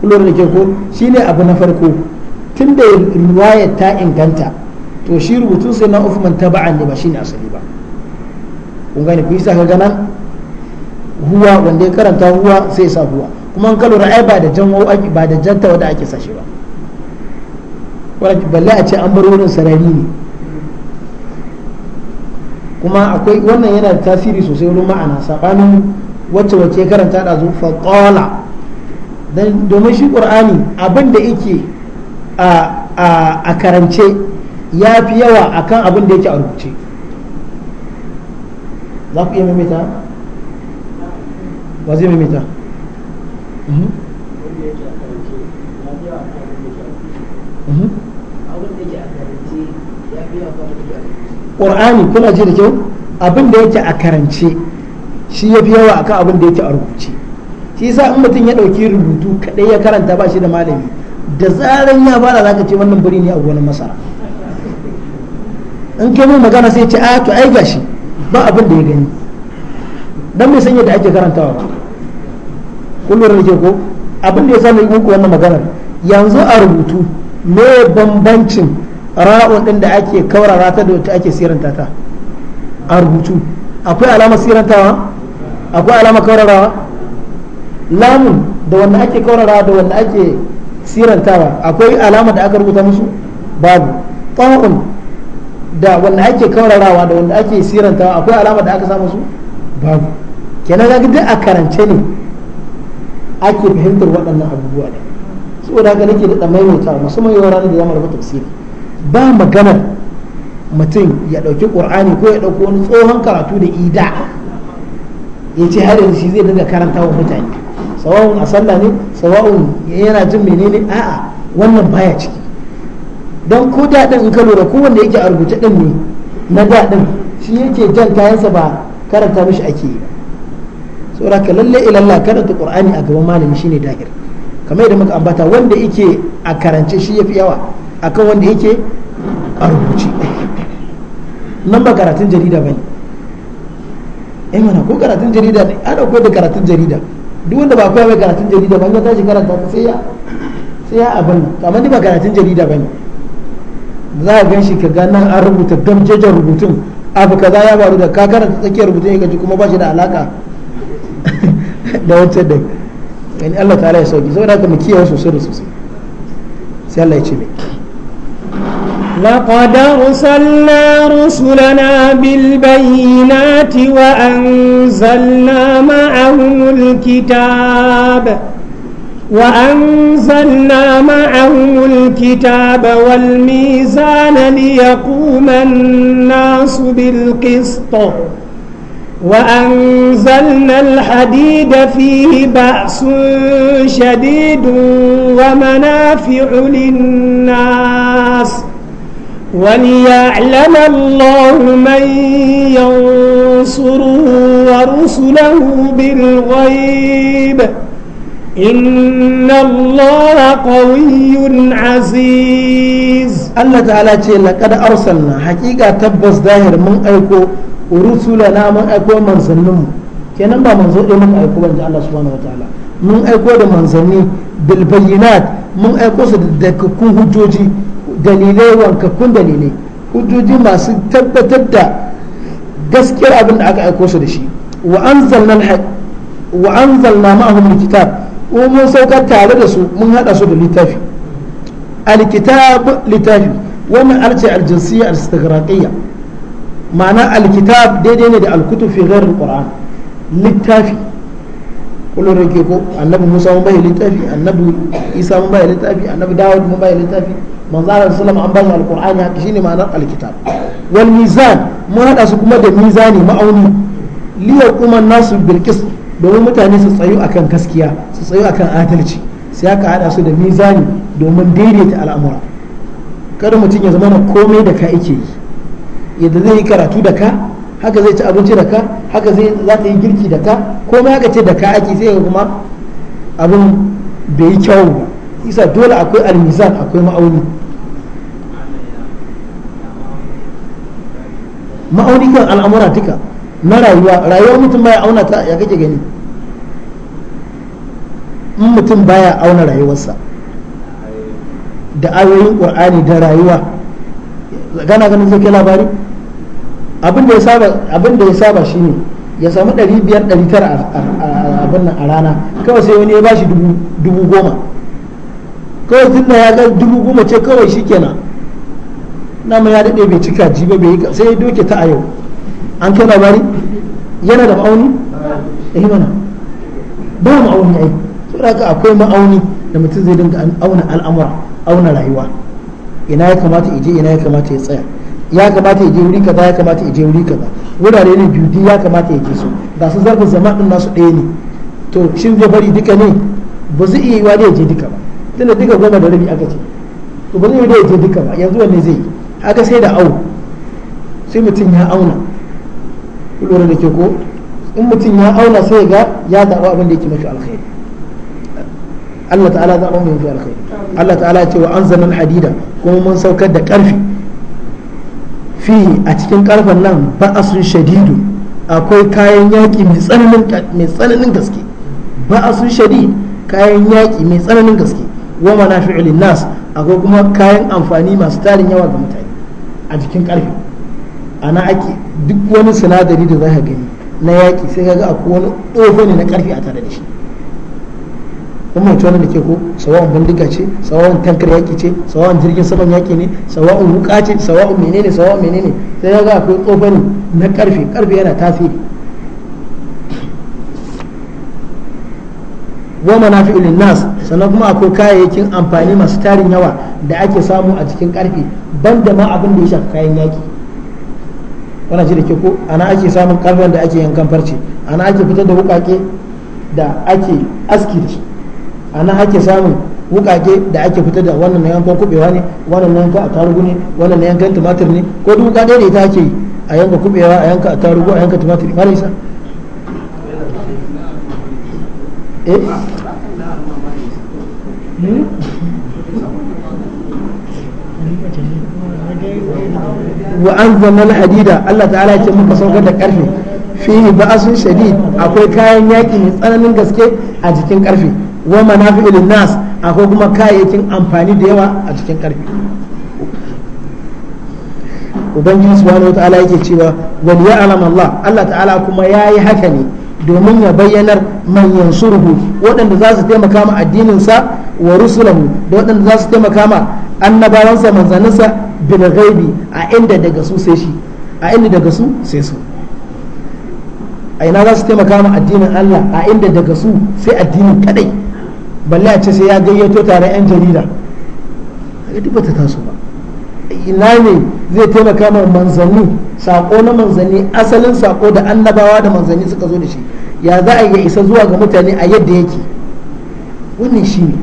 kullum da ke ko shi ne abu na farko tunda riwayar ta inganta to shi rubutun sai na ta ba'an ne ba shi ne asali ba kun gane ku yi sa ka gana huwa wanda ya karanta huwa sai sa huwa kuma ka lura ai ba da jan ake ba da janta wanda ake sashi ba balle a ce an bar wurin sarari ne kuma akwai wannan yana da tasiri sosai wurin ma'ana sabanin wacce wacce karanta da zu faqala dan domin shi qur'ani abin da yake a karance ya fi yawa akan abin da yake a rubuce za ku iya maimaita wa zai ƙur'ani mhm. kuna ji da kyau abin da yake a karance shi ya fi yawa akan abin da yake a rubuce shi yasa in mutum ya ɗauki rubutu kaɗai ya karanta ba shi da malami da zaran ya fara ka ce wannan biri ne a gonar masara in kai mun magana sai ce a ah, to ai gashi ba abin ya gani dan mai sanya da ake karantawa ba kullum da ke ko abin da ya sami muku wannan maganar yanzu a rubutu me bambancin ra'un din da ake kaurara ta da wata ake siranta ta a rubutu akwai alama sirantawa akwai alama kaurarawa lamun da wanda ake kaurarawa da wanda ake sirantawa akwai alama da aka rubuta musu babu ta'un da wanda ake kaurarawa da wanda ake sirantawa akwai alama da aka sa musu babu kenan ga duk a karance ne ake fahimtar waɗannan abubuwa ne saboda haka nake da maimaita musamman yau ranar da zamu rubuta tafsiri ba maganar mutum ya ɗauki ƙur'ani ko ya ɗauki wani tsohon karatu da ida ya ce har yanzu shi zai dinga karanta wa mutane sawa'un a sallah ne sawa'un yana jin menene a'a wannan baya ciki don ko daɗin in ka lura kowanne yake a rubuce ɗin ne na daɗin shi yake jan kayansa ba karanta mishi ake yi ba saboda ka lalle ilallah karanta qur'ani a gaban malami shine dahir kamar yadda muka ambata wanda yake a karance shi yafi yawa akan wanda yake a rubuce nan ba karatun jarida bane eh mana ko karatun jarida ne ana koyar da karatun jarida duk wanda ba koya mai karatun jarida ba ya tashi karanta ta sai ya sai ya abin kamar ni ba karatun jarida bane za a gan shi ka ga nan an rubuta damjejen rubutun abu kaza ya faru da ka karanta tsakiyar rubutun ya gaji kuma ba shi da alaka da wancan da yani Allah ta'ala ya sauki saboda haka mu kiyaye sosai da sosai sai Allah ya ce mai لقد أرسلنا رسلنا بالبينات وأنزلنا معهم الكتاب وأنزلنا معهم الكتاب والميزان ليقوم الناس بالقسط وأنزلنا الحديد فيه بأس شديد ومنافع للناس وليعلم الله من ينصره ورسله بالغيب إن الله قوي عزيز الله تعالى لقد أرسلنا حقيقة تبس داهر من أيكو rusula na mun aiko mu kenan ba manzo ɗaya muka aiko ban Allah subhanahu wataala mun aiko da manzanni bil bayyinat mun aiko su da dakakkun hujjoji dalilai wankakkun dalilai hujjoji masu tabbatar da gaskiyar abin da aka aiko su da shi wa anzalna al wa anzalna ma'ahum al-kitab mun saukar tare da su mun hada su da littafi al-kitab littafi wannan arce al-jinsiyya al-istighraqiyya ma'ana alkitab daidai ne da alkutub fi ghairil qur'an littafi kullum da ke ko annabi musa mun bai littafi annabi isa mun bai littafi annabi dawud mun bai littafi manzo Allah sallallahu an bashi alqur'ani haka shine ma'ana alkitab wal mizan mun hada su kuma da mizani ma'auni liya kuma nasu bil domin mutane su tsayu akan gaskiya su tsayu akan adalci sai aka hada su da mizani domin daidaita al'amura kada mutum ya zama na komai da ka yake yi yadda zai yi karatu da ka haka zai ci abinci da ka haka zai za ta yi girki da ka komai haka ce da ka ake sai kuma abin bai yi kyau ba isa dole akwai almizan akwai ma'auni ma'auni kan al'amura duka na rayuwa rayuwar mutum baya auna ta ya kake gani in mutum baya auna rayuwarsa da ayoyin ƙur'ani da rayuwa gana ganin zai kai labari abin da ya saba shi ne ya samu 500 900 a rana kawai sai wani ya ba shi dubu goma kawai tun da ya ga dubu goma ce kawai shi kenan nama ya daɗe bai cika jiba bai yi sai ya doke ta a yau an kai labari yana da ma'auni yi eh, mana ba ma'auni ai saboda haka akwai ma'auni da mutum zai dinga auna al'amura auna rayuwa ina ya kamata ije ina ya kamata ya tsaya ya kamata ya je wuri kaza ya kamata ya je wuri kaza wurare ne biyu ya kamata ya je su ga su zarfin zama din nasu ɗaya ne to shin zai bari duka ne ba zai iya yiwa dai ya je duka ba tunda duka goma da rabi aka ce to ba zai yi da ya je duka ba yanzu wanne zai yi aka sai da au sai mutum ya auna lura da ke ko in mutum ya auna sai ga ya zaɓa abin da yake mafi alkhairi Allah ta'ala za mu yi alkhairi Allah ta'ala ya ce wa anzalna hadida kuma mun saukar da karfi fi a cikin karfen nan sun shadidu akwai kayan yaki mai tsananin gaske sun shadid kayan yaki mai tsananin gaske wa manafi'u nas akwai kuma kayan amfani masu tarin yawa ga mutane a cikin karfe ana ake duk wani sinadari da za ka gani na yaƙi sai ka ga akwai wani ne na karfe a tare da shi kuma mai tona da ke ko sawa'un bindiga ce sawa'un tankar yaki ce sawa'un jirgin saman yaki ne sawa'un wuka ce sawa'un menene sawa'un menene sai ya ga akwai tsofani na karfe karfe yana tasiri wa ilin nas sannan kuma akwai kayayyakin amfani masu tarin yawa da ake samu a cikin karfe da ma abin da ya shafi kayan yaki wannan ji da ke ko ana ake samun karfen da ake yankan farce ana ake fitar da wukake da ake aski da su a nan ake samun wukake da ake fitar da wannan na yankan kubewa ne wannan na yankan atarugu ne wannan na yankan tumatir ne ko duk wuka ɗaya ne ita ake yi a yanka kubewa a yanka atarugu a yanka tumatir mara nisa eh? hmm? wa an zama hadida Allah ta'ala ya ce muka saukar da karfe fihi ba'asun shadid akwai kayan yaki mai tsananin gaske a jikin karfe wa manafi'il nas akwai kuma kayayyakin amfani da yawa a cikin karfi ubangiji subhanahu ala yake cewa wal ya'lam Allah Allah ta'ala kuma ya yi haka ne domin ya bayyanar manyan yansuruhu waɗanda za su taimaka ma addinin sa wa rusulahu da waɗanda za su taimaka ma annabawansa manzanninsa bil ghaibi a inda daga su sai shi a inda daga su sai su a ina za su taimaka ma addinin Allah a inda daga su sai addinin kadai balle a ce sai ya gayyato tare 'yan jarida a duk bata taso ba ina ne zai taimaka ma manzanni sako na manzanni asalin sako da annabawa da manzanni suka zo da shi ya za a iya isa zuwa ga mutane a yadda yake wannan shi ne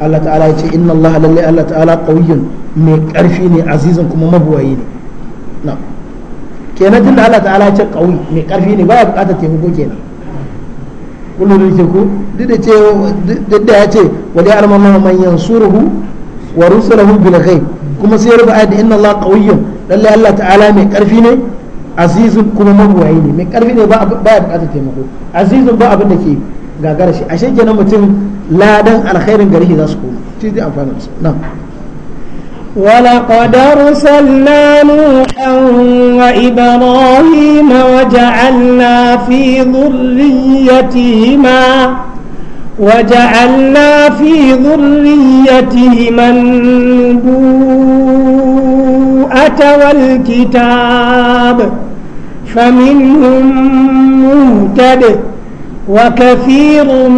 Allah ta'ala ya ce inna Allah lallai Allah ta'ala qawiyyun mai karfi ne azizan kuma mabuwayi ne na kenan tunda Allah ta'ala ya ce qawi mai karfi ne ba ya bukatar taimako kenan kullu da ke ku duk da ya ce wali arma ma man yansuruhu wa rusulahu bil ghaib kuma sai rubu ayat inna Allah qawiyyun lalle Allah ta'ala mai karfi ne azizun kuma mabuwayi ne mai karfi ne ba ya bukatar taimako azizun ba abin da ke gagara shi ashe kenan mutum ladan alkhairin gari za su koma shi zai amfana su na'am ولقد أرسلنا نوحا وإبراهيم وجعلنا في ذريتهما وجعلنا في ذريتهما النبوءة والكتاب فمنهم مهتد وكثير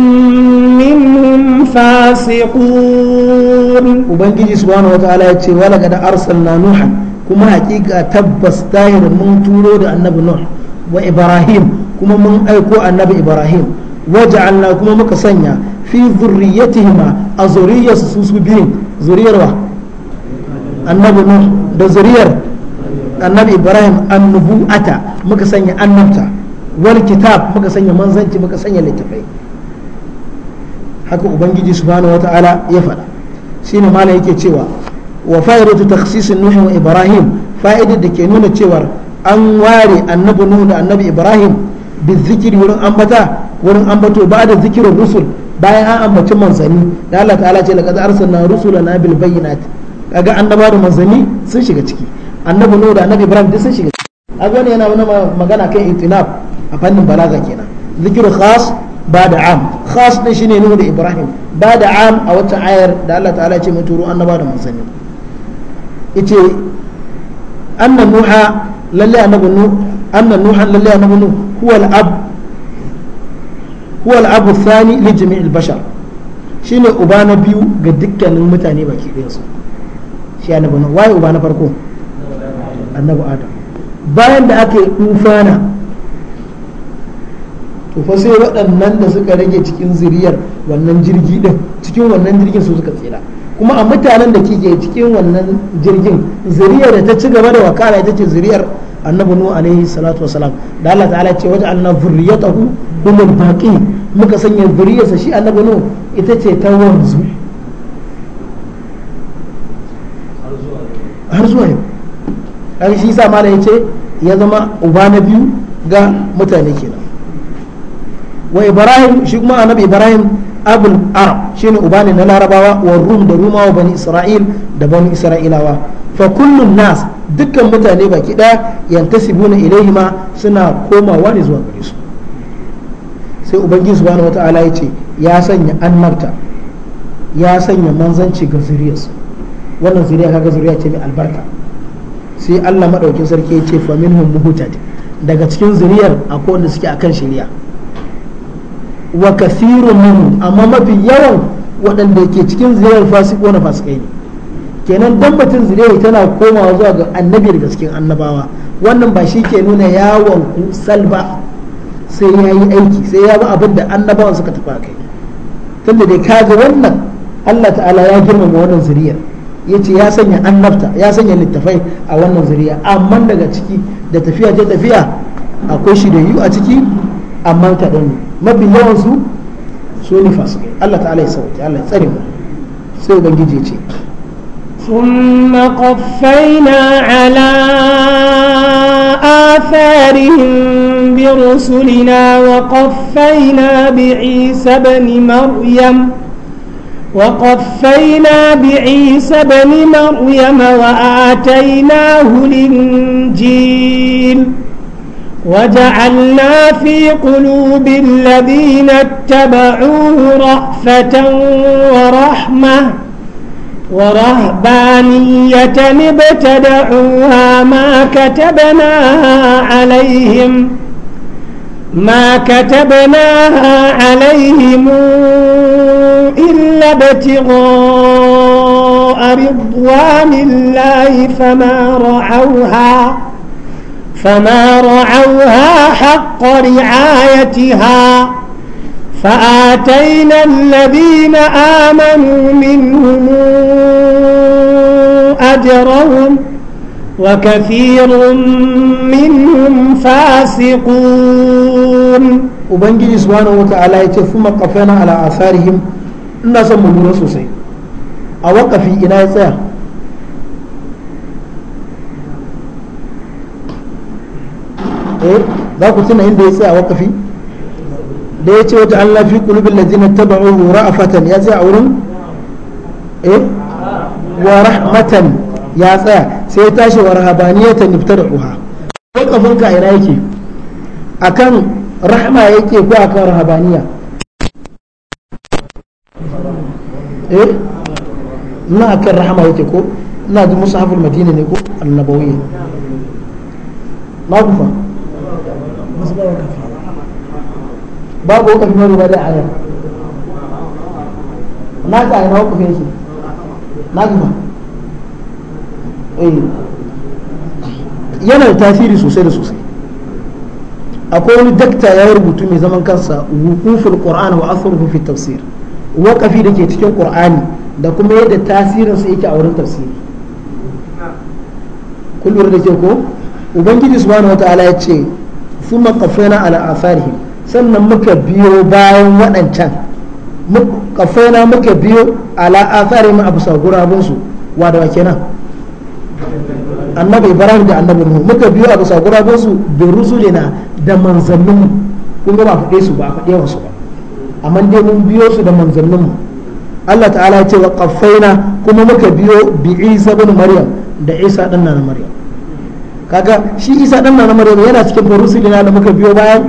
منهم فاسقون وبنجي سبحانه وتعالى يقول ولقد أرسلنا نوحا كما حقيقة تبس داير من تولود النبي نوح وإبراهيم كما من أيقو النبي إبراهيم waja'alna kuma muka sanya fi zurriyatihima a zuriyar su su biyun zuriyar wa annabi nuh da zuriyar annabi ibrahim annubu'ata muka sanya annabta wal kitab muka sanya manzanci muka sanya littafai haka ubangiji subhanahu wata'ala ya faɗa shine malam yake cewa wa fa'idatu takhsisin nuh wa ibrahim fa'idar da ke nuna cewar an ware annabi nuh da annabi ibrahim bizikiri wurin ambata wurin ambato ba da zikirin rusul bayan an ambaci manzanni da Allah ta'ala ce laqad arsalna rusulana bil bayyinati kaga annaba da manzanni sun shiga ciki annabi nuhu da annabi ibrahim duk sun shiga ciki kaga yana wani magana kan itinab a fannin balaga kenan zikiru khas ba da am khas ne shine nuhu da ibrahim ba da am a wata ayar da Allah ta'ala ya ce mun turo annaba da manzanni ite anna nuha lalle annabi nuhu أن nuha lalle annabi nuh هو الأب ab huwa al-ab athani li jami'il bashar shine uba na biyu ga dukkanin mutane baki ɗayan su shi annabi nuh waye uba na farko adam bayan da aka yi to fa sai waɗannan da suka rage cikin ziriyar wannan jirgi din cikin wannan jirgin su suka tsira kuma a mutanen da ke cikin wannan jirgin ziriyar da ta ci gaba da wakala ita ce ziriyar annabi nuhu alaihi salatu wasalam da Allah ta'ala ce waje anna zurriyatahu humul baqi muka sanya zuriyarsa shi annabi nuhu ita ce ta wanzu har zuwa yau kaga shi yasa malai yace ya zama uba na biyu ga mutane kenan wa ibrahim shi kuma annabi ibrahim abul arab shine uba ne na larabawa wa rum da rumawa bani isra'il da bani isra'ilawa fa kullun nas dukkan mutane baki daya yantasibuna ilaihima suna komawa ne zuwa gare su sai ubangiji subhanahu wata'ala ya ce ya sanya annabta ya sanya manzanci ga zuriyarsa wannan zuriya kaga zuriya ce mai albarka sai Allah madaukin sarki yace ce fa minhum muhtad daga cikin zuriyar akwai wanda suke akan shari'a wa kasirun min amma mafi yawan waɗanda ke cikin zirar fasiko na fasikai ne kenan dan batun zirai tana komawa zuwa ga annabi daga cikin annabawa wannan ba shi ke nuna yawon ku salba sai ya yi aiki sai ya bi abin da annabawan suka tafi kai tunda dai ka ga wannan Allah ta'ala ya girmama wannan zuriyar ya ce ya sanya annabta ya sanya littafai a wannan zuriya amma daga ciki da tafiya ta tafiya akwai shi da yiwu a ciki amma kaɗan ne mabiyan su su ne fasikai Allah ta'ala ya sauke Allah ya tsare mu sai ubangiji ya ce ثم قفينا على آثارهم برسلنا وقفينا بعيسى بن مريم وقفينا بعيسى بن مريم وآتيناه الإنجيل وجعلنا في قلوب الذين اتبعوه رأفة ورحمة ورهبانية ابتدعوها ما كتبناها عليهم ما كتبناها عليهم إلا ابتغاء رضوان الله فما رعوها فما رعوها حق رعايتها فآتينا الذين آمنوا منهم أجرهم وكثير منهم فاسقون وبنجي سبحانه وتعالى ثم قفنا على آثارهم الناس مدونة سوسي أوقف إلى ذلك Eh, za ku tuna inda ya tsaya wakafi da ya ce wata Allah fi kulubin lazina a ra'afatan ya tsaya a wurin eh wa rahmatan ya tsaya sai ya tashi wa rahabaniya ta da ibtada'uha wakafin ka ina yake akan rahma yake ko akan rahabaniya eh a akan rahma yake ko na ji hafin madina ne ko annabawiyya ma kufa ba babu wakafi wani ba da na ka aina wakafi na gaba eh. yana da tasiri sosai da sosai akwai wani dakta ya rubutu mai zaman kansa wukufin qur'an wa asruhu fi tafsir wakafi da ke cikin qur'ani da kuma yadda tasirinsa yake a wurin tafsiri kullum da ke ko ubangiji subhanahu ala ya ce ثم قفينا على آثارهم sannan muka biyo bayan waɗancan kafaina muka biyo ala athari ma abu sagurabun su wa da wake nan annabi ibrahim da annabi nuhu muka biyo abu sagurabun su bi rusulina da manzannin kun ga ba faɗe su ba a faɗe wasu ba amma dai mun biyo su da manzannin mu Allah ta'ala ya ce wa kafaina kuma muka biyo bi Isa bin Maryam da Isa ɗan na Maryam kaga shi isa dan nan maryam yana cikin barusulina da muka biyo bayan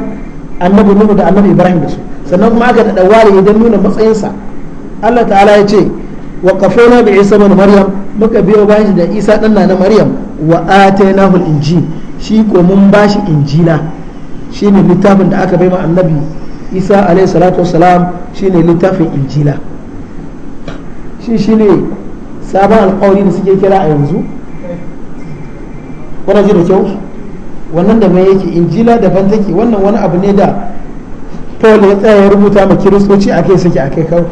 annabi nuhu da annabi ibrahim da su sannan kuma aka da wali idan nuna matsayinsa Allah ta'ala ya ce wa kafona bi isa ibn maryam muka biyo bayan da isa dan nan maryam wa atainahu injil shi ko mun bashi injila shine littafin da aka baima annabi isa alayhi salatu wassalam shine littafin injila shi shine sabon alƙawari da suke kira a yanzu kuna ji da kyau wannan da mai yake injila daban take wannan wani abu ne da paul ya tsaya ya rubuta ma kiristoci a kai sake a kai kawai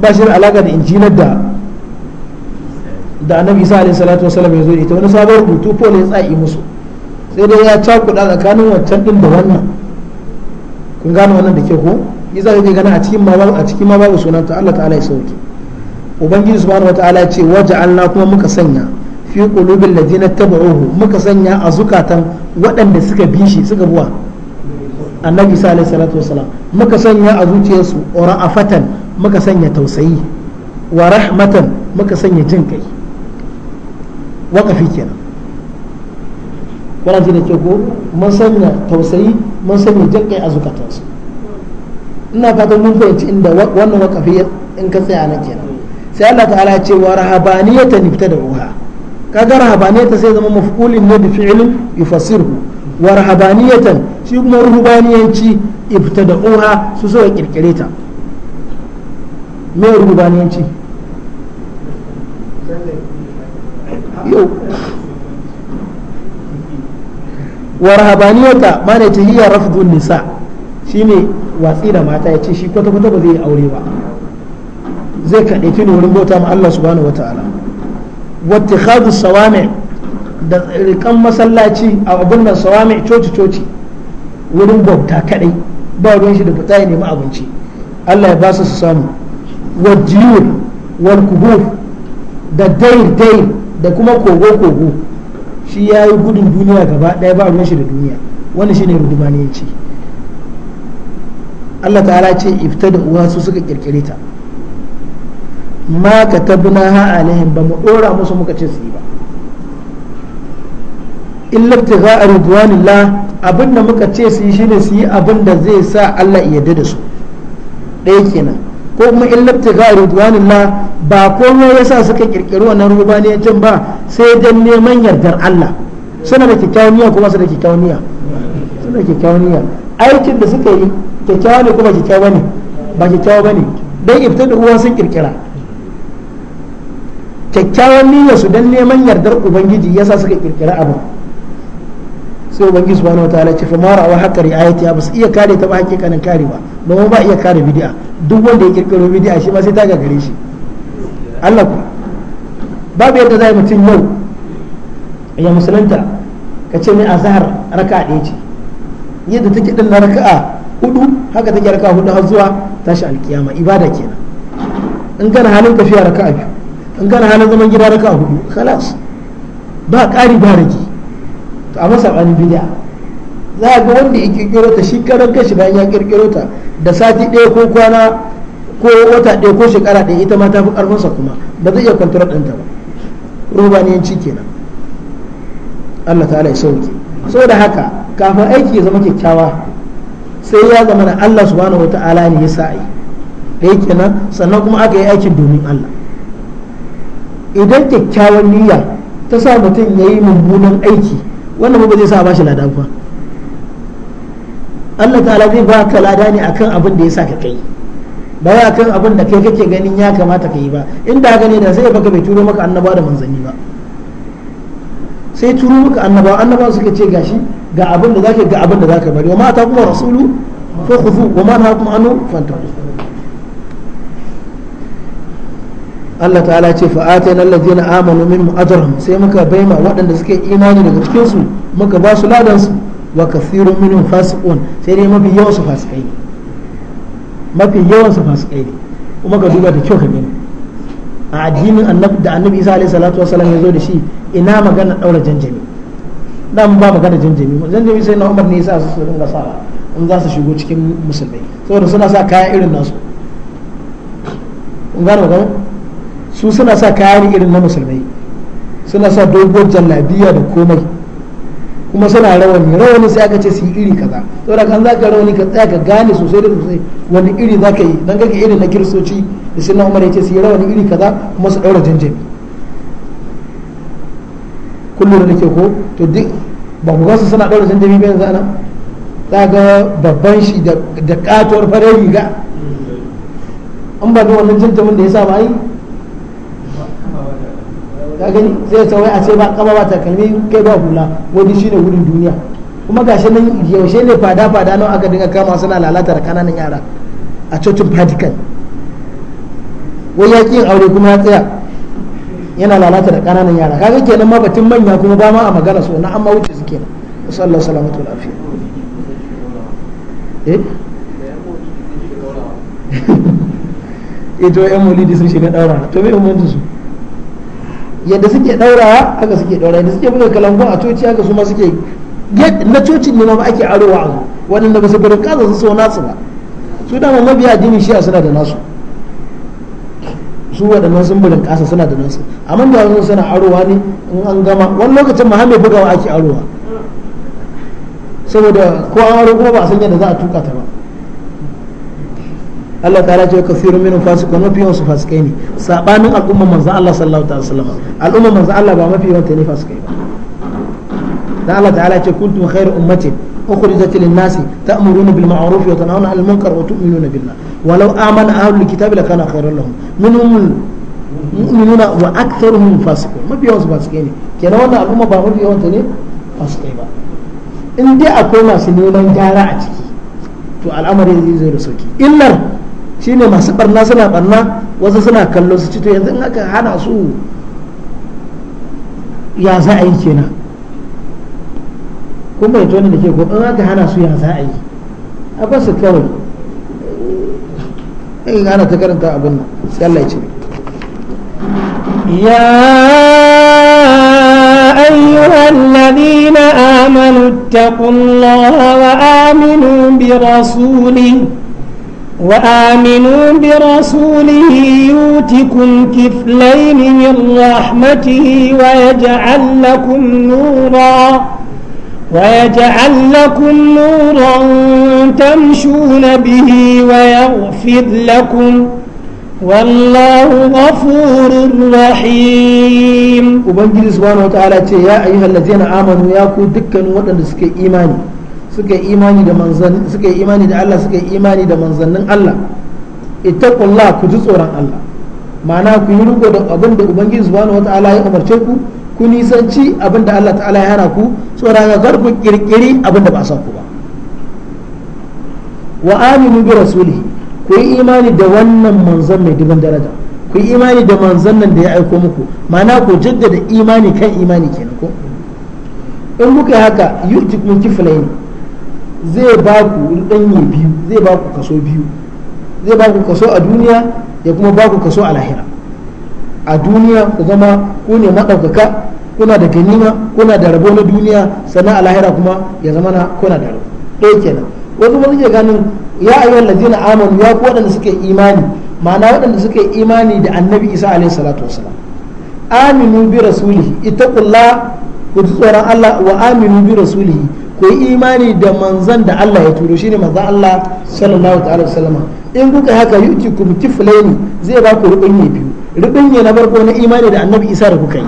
ba shi da alaka da injila da da annabi isa alaihi salatu wasallam ya zo ita wani sabon rubutu paul ya tsaya musu sai dai ya cakuɗa tsakanin wancan ɗin da wannan kun gano wannan da ke ko yi za ka gana a cikin ma a cikin ma babu sunan ta Allah ta'ala ya sauke ubangiji subhanahu wataala ya ce waja'alna kuma muka sanya fi qulubil ladina tabauhu muka sanya a zukatan waɗanda suka bi shi suka buwa annabi sallallahu alaihi wasallam muka sanya a zuciyarsu fatan muka sanya tausayi wa rahmatan muka sanya jin kai waqafi kenan wani shine ke ko mun sanya tausayi mun sanya jin kai a zukatansu ina fatan mun fahimci inda wannan waqafi in ka tsaya nan kenan sai Allah ta'ala ya ce wa rahabaniyatan uha kaga rahabaniyata sai zama maf'ulin ne bi fi'lin yufassirhu wa rahabaniyatan shi kuma ruhubaniyanci ibtada'uha su so ya kirkire ta me ruhubaniyanci yau wa rahabaniyata ta hiya rafdun nisa shine watsi da mata ya ce shi kwata-kwata ba zai aure ba zai kaɗe wurin bauta ma Allah subhanahu wata khadu sawami da tsirikan masallaci a abin da sawami coci-coci wurin bauta kadai ba ruwan shi da fita ya nemi abinci Allah ya ba su su samu wa jiyur da dair dair da kuma kogo kogo shi ya yi gudun duniya gaba daya ba ruwan shi da duniya wani shine rudubaniyanci Allah ta'ala ce fita da uwa su suka kirkire ta ma ka tabna ha alaihim ba mu ɗora musu muka ce su yi ba illa ibtigha'a la abinda muka ce su yi shine su yi abinda zai sa Allah ya yarda da su ɗaya kenan ko kuma illa ibtigha'a la ba ya yasa suka kirkiri wannan rubaniyancin ba sai dan neman yardar Allah suna da kyakkyawan niyya kuma suna da kyakkyawan niyya suna da kyakkyawan niyya aikin da suka yi kyakkyawa ne kuma kyakkyawa ne ba kyakkyawa bane dan uwan sun kirkira kyakkyawan niyyar su dan neman yardar ubangiji yasa suka kirkira abu sai ubangiji subhanahu wataala ce fa mara wa haka riayati ba su iya kare ta ba hakikanin kare ba domin ba iya kare bid'a duk wanda ya kirkiro bid'a shi ba sai ta gagare shi Allah ku babu yadda zai mutum yau ya musulunta ka ce mai azhar raka'a ɗaya ce yadda take din na raka'a hudu haka take raka'a hudu har zuwa tashi alkiyama ibada kenan in gana halin tafiya raka'a biyu in gana halin zaman gida raka a hudu khalas ba ƙari ba rage to a masa ɓani bida za a ga wanda ya kirkiro ta shi karan kashi bayan ya kirkiro ta da sati ɗaya ko kwana ko wata ɗaya ko shekara ɗaya ita ma ta fi ƙarfinsa kuma ba zai iya kwantar ɗanta ba rubaniyanci kenan Allah ta'ala ya sauke saboda haka kafin aiki ya zama kyakkyawa sai ya zama na Allah subhanahu wa ta'ala ne ya sa'ai da yake nan sannan kuma aka yi aikin domin Allah idan kyakkyawan niyya ta sa mutum ya yi mummunan aiki wannan ba zai sa ba shi ladan fa Allah ta'ala zai ba ka lada ne akan abin da ya sa ka kai ba ya kan abin da kai kake ganin ya kamata ka yi ba inda haka ne da sai baka bai turo maka annaba da manzanni ba sai turo maka annaba annaba suka ce gashi ga abin da zaka ga abin da zaka bari wa ma ta kuma rasulu fa khufu wa ma ta kuma anu fanta. Allah ta'ala ce fa'atai na lajina amanu min mu'adarhum sai muka baima waɗanda suke imani daga cikinsu muka ba su ladansu wa kafirun minhum fasiqun sai dai mafi yawan su fasikai mafi yawan su fasikai ne kuma ka duba da kyau ka gani a addinin annabi da annabi Isa alaihi salatu wasallam ya zo da shi ina magana daura janjami dan ba magana janjami janjami sai na Umar ne yasa su dinga sawa in za su shigo cikin musulmai saboda suna sa kaya irin nasu kun gane magana su suna sa kayan irin na musulmai suna sa dogon jallabiya da komai kuma suna rawani rawani sai aka ce su yi iri kaza to da kan za ka rawani ka tsaya ka gane sosai da sosai wani iri za ka yi dan ga irin na kiristoci da sunan umar yace su yi rawani iri kaza kuma su daura jinjin kullum da ke ko to duk ba ku gasu suna daura jinjin bayan zana anan za ga babban shi da katuwar farar riga an ba da wannan jinjin da ya sa ba yi ka gani sai ya wai a ce ba kama ba takalmi kai ba hula wani shine wurin duniya kuma ga shi nan yaushe ne fada fada nan aka dinga kama suna lalata da kananan yara a cocin vatican wai ya ƙi aure kuma ya tsaya yana lalata da kananan yara kaga kenan ma batun manya kuma ba ma a magana su na amma wuce suke kenan sallallahu alaihi wa sallam eh ito yan mulidi sun shiga daura to me umarci su yadda suke daurawa haka suke daura yadda suke buga kalambun a coci haka su ma suke na cocin ne ma ake arowa a waɗanda ba su bari ƙasa su sau nasu ba su dama mabiya addinin shi'a suna da nasu su waɗannan sun bari kasa suna da nasu amma da wani suna arowa ne in an gama wani lokacin ma mai bugawa ake arowa saboda ko an aro kuma ba a san yadda za a tuka ta ba Allah ta ce kafirun minun fasikun mafi yawan su fasikai ne sabanin al'umma manzo Allah sallallahu alaihi wasallam al'umma manzo Allah ba mafi yawan ta fasikai ba dan Allah ta'ala ce kuntum khairu ummati ukhrijat lin nasi ta'muruna bil ma'ruf wa tanhauna 'anil munkar wa tu'minuna billah walau amana ahlul kitabi lakana khairan lahum minhum mu'minuna wa aktharuhum fasikun mafi yawan su fasikai ne kenan wannan al'umma ba mafi yawan ta ne fasikai ba in dai akwai masu neman gyara a ciki to al'amari zai zo da sauki illar shine masu barna suna barna wasu suna kallo su ci to yanzu in aka hana su ya za a yi kenan kun bai tona da ke ko in aka hana su ya za a yi a akwai su kawai eh, in ana ta karanta abin nan sai Allah ya ce يا أيها الذين آمنوا اتقوا الله وآمنوا برسوله وآمنوا برسوله يوتكم كفلين من رحمته ويجعل لكم نورا ويجعل لكم نورا تمشون به ويغفر لكم والله غفور رحيم وبنجلس سبحانه وتعالى يا أيها الذين آمنوا يا كو دكا ودن إيماني suka yi imani da manzan suka yi imani da Allah suka yi imani da manzannin Allah ittaqullah ku ji tsoron Allah ma'ana ku yi riko da abin da ubangiji subhanahu wataala ya umarce ku ku nisanci abin da Allah ta'ala ya hana ku tsoron ga kar ku kirkiri abin da ba san ku ba wa aminu bi rasuli ku yi imani da wannan manzan mai dubin daraja ku yi imani da manzan nan da ya aiko muku ma'ana ku jaddada imani kan imani kenan ko in muka haka yutikun mun kiflaini zai ba ku in biyu zai ba ku kaso biyu zai ba ku kaso a duniya ya kuma ba ku kaso a lahira a duniya ku zama ku ne maɗaukaka kuna da ganima kuna da rabo na duniya sannan a lahira kuma ya zama na kuna da rabo ɗaya kenan wasu wani ke ganin ya ayyuhal ladina amanu ya ku waɗanda suke imani ma'ana waɗanda suka yi imani da annabi isa alaihi salatu wasalam aminu bi ita kula ku ji tsoron Allah wa aminu bi rasulihi ku yi imani da manzan da Allah ya turo shine manzan Allah sallallahu ta'ala wasallama in kuka haka yuti kum tiflaini zai ba ku rubinye biyu rubinye na farko na imani da annabi Isa da kuka yi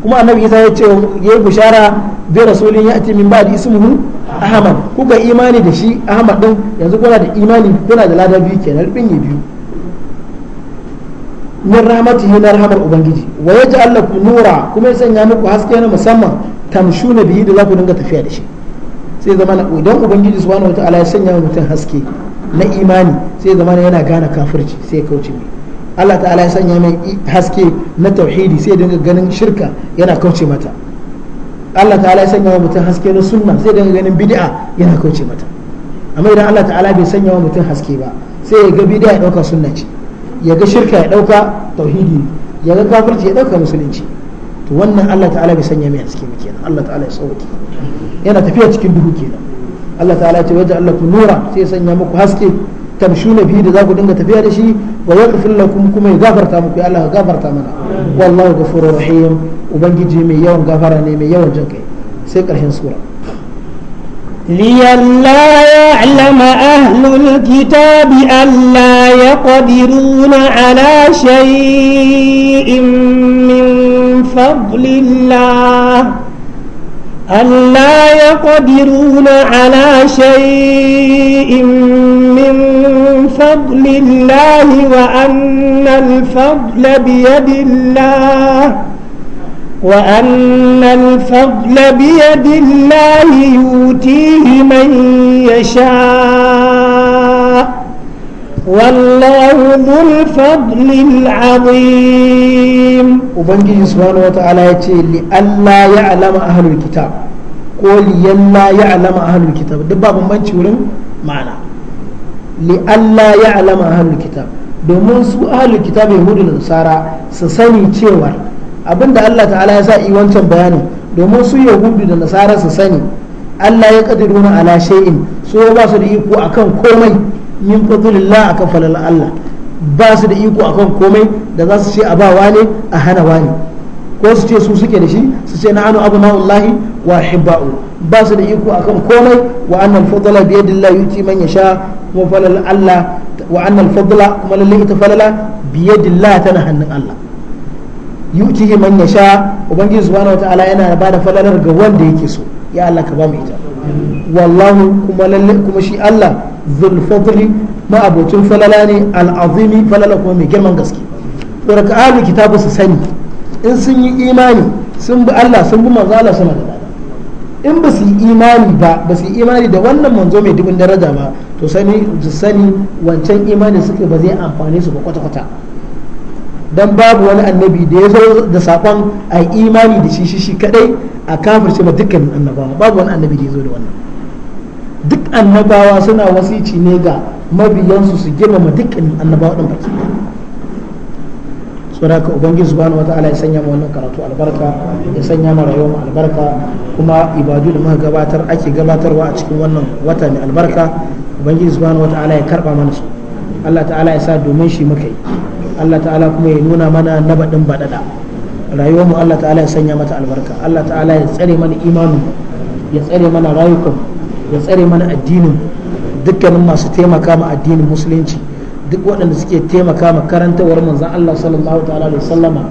kuma annabi Isa ya ce yayi bushara bi rasulin ati min ba'di ismuhu Ahmad kuka imani da shi Ahmad din yanzu kuna da imani kuna da ladabi biyu kenan rubinye biyu min rahmatihi na rahmar ubangiji wa yaj'al lakum nura kuma ya sanya muku haske na musamman tamshuna bihi da za ku dinga tafiya da shi sai zama idan ubangiji subhanahu wataala ya sanya mutum haske na imani sai zama yana gane kafirci sai kauce mai Allah ta'ala ya sanya mai haske na tauhidi sai dinga ganin shirka yana kauce mata Allah ta'ala ya sanya wa mutum haske na sunna sai dinga ganin bid'a yana kauce mata amma idan Allah ta'ala bai sanya wa mutum haske ba sai ya ga bid'a ya dauka sunna ce ya ga shirka ya dauka tauhidi ya ga kafirci ya dauka musulunci to wannan Allah ta'ala bai sanya mai haske ba kenan Allah ta'ala ya sauke yana tafiya cikin duhu kenan Allah ta'ala ya ce waje Allah ku nura sai ya sanya muku haske tamshuna biyu da za ku dinga tafiya da shi wa yaghfir lakum kuma ya gafarta muku ya Allah gafarta mana wallahu ghafurur rahim ubangiji mai yawan gafara ne mai yawan jinkai sai karshen sura لئلا يعلم أهل الكتاب ألا يقدرون على شيء من فضل الله ألا يقدرون على شيء من فضل الله وأن الفضل بيد الله وأن الفضل بيد الله يؤتيه من يشاء والله ذو الفضل العظيم وبنجي سبحانه وتعالى يتي لألا يعلم أهل الكتاب قول يلا يعلم أهل الكتاب دبا بمبنش ولم معنى لألا يعلم أهل الكتاب domin su ahalul kitab yahudu da nasara su sani cewar abinda Allah ta'ala ya sa wancan bayanin domin su yahudu da nasara su sani Allah ya kadiruna ala shay'in so ba su da iko akan komai min fadlillah akan falalar Allah ba su da iko akan komai da za su ce a ba wani a hana wani ko su ce su suke da shi su ce na'anu abu ma'ullahi wa hibba'u ba su da iko akan komai wa annal fadla bi yadillah yuti man yasha kuma falal Allah wa annal fadla kuma lalle ita falala bi yadillah tana hannun Allah yuti man yasha ubangiji subhanahu wataala yana ba da falalar ga wanda yake so ya Allah ka ba mu ita wallahu kuma lalle kuma shi Allah zulfadli ma abocin falala ne al'azimi falala kuma mai girman gaske daga ahli kitabu su sani in sun yi imani sun bi Allah sun bi manzo Allah suna da in ba su yi imani ba ba su yi imani da wannan manzo mai dubin daraja ba to sani su sani wancan imani suka ba zai amfane su ba kwata-kwata dan babu wani annabi da ya zo da sakon a imani da shi shi kadai a kafirce ba dukkanin annabawa babu wani annabi da ya zo da wannan duk annabawa suna wasici ne ga mabiyansu su girmama dukkanin annabawa ɗin baki saboda ka ubangiji subhanahu wataala ya sanya mu wannan karatu albarka ya sanya mu rayuwar mu albarka kuma ibadu da muka gabatar ake gabatarwa a cikin wannan wata mai albarka ubangiji subhanahu wataala ya karba mana su Allah ta'ala ya sa domin shi muka yi Allah ta'ala kuma ya nuna mana na baɗin baɗaɗa rayuwar mu Allah ta'ala ya sanya mata albarka Allah ta'ala ya tsare mana imanu ya tsare mana rayukanmu ya tsare mana addinin dukkanin masu taimaka ma addinin musulunci duk waɗanda suke taimaka ma karantawar manzan Allah sallallahu ta'ala da sallama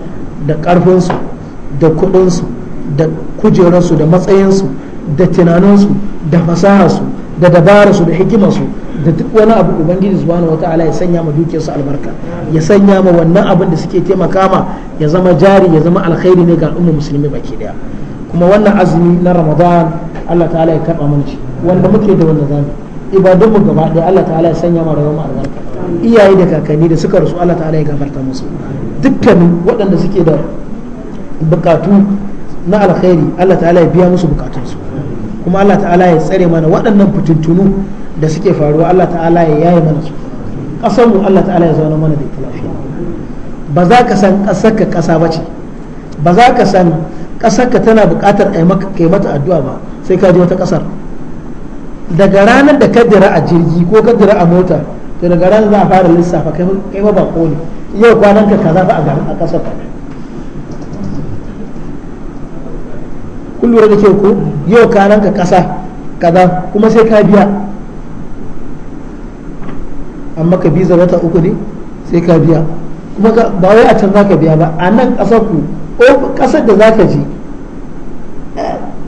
da ƙarfinsu da kuɗinsu da kujerarsu da matsayinsu da tunaninsu da fasaharsu da dabararsu da hikimarsu da duk wani abu ubangiji subhanahu wata'ala ya sanya ma dukiyarsu albarka ya sanya ma wannan abin da suke taimaka ma ya zama jari ya zama alkhairi ne ga al'ummar musulmi baki daya kuma wannan azumi na ramadan Allah ta'ala ya karɓa mana shi wanda muke da wanda zamu ibadun mu gaba ɗaya Allah ta'ala ya sanya mu rayuwar mu albarka iyaye da kakanni da suka rasu Allah ta'ala ya gafarta musu dukkanin waɗanda suke da bukatu na alkhairi Allah ta'ala ya biya musu bukatunsu kuma Allah ta'ala ya tsare mana waɗannan fitintunu da suke faruwa Allah ta'ala ya yaye mana su ƙasar mu Allah ta'ala ya zauna mana da ita lafiya ba za ka san ƙasar ka ƙasa ba ce ba za ka san ƙasar ka tana buƙatar kai mata addu'a ba sai ka je wata ƙasar daga ranar da kadira a jirgi ko kadira a mota to daga ranar za a fara lissafa kai ba bako ne yau kwanan ka kaza ba a garin a kasar kun da ke ko yau kwanan ka kasa kaza kuma sai ka biya amma ka biza wata uku ne sai ka biya kuma ba wai a can za ka biya ba a nan kasar ku kasar da za ka je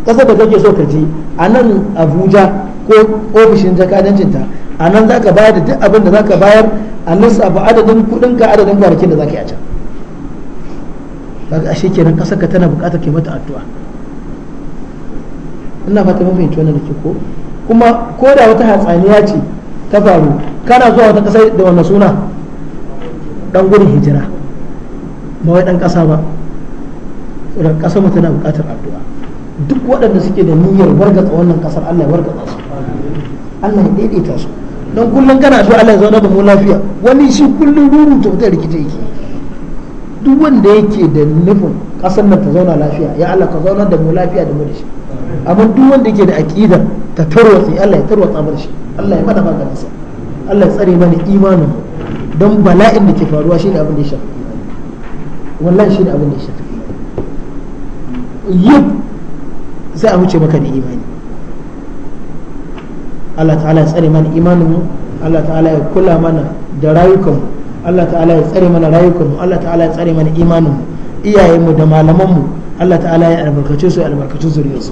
kasar eh, da kake so ka je a nan abuja ko ofishin ta a nan za ka bayar da duk abin da za ka bayar a lissafa adadin kudinka adadin kwanakin da za ka yi a can kaga ashe kenan kasar ka tana bukatar ke mata addu'a ina fata mun fahimci da ke ko kuma ko da wata hatsaniya ce ta faru kana zuwa wata ƙasar da wannan suna dan gudun hijira ba wai dan kasa ba saboda kasar mu tana bukatar addu'a duk waɗanda suke da niyyar wargatsa wannan kasar Allah ya wargatsa su Allah ya daidaita su don kullum kana so Allah ya zauna da mu lafiya wani shi kullum ruru ta wuta rikice yake duk wanda yake da nufin kasar nan ta zauna lafiya ya Allah ka zauna da mu lafiya da mu da shi amma duk wanda yake da aqida ta tarwatsi Allah ya tarwatsa mu da shi Allah ya mana maganin sa Allah ya tsare mana imanin mu don bala'in da ke faruwa shine abin da ya shafi wallahi shine abin da ya shafi yau sai a huce maka da imani Allah ta'ala ya tsare mana imanin mu Allah ta'ala ya kula mana da rayukanmu Allah ta'ala ya tsare mana rayukanmu Allah ta'ala ya tsare mana imaninmu iyayenmu da malamanmu Allah ta'ala ya albarkace su ya albarkace zuriyarsu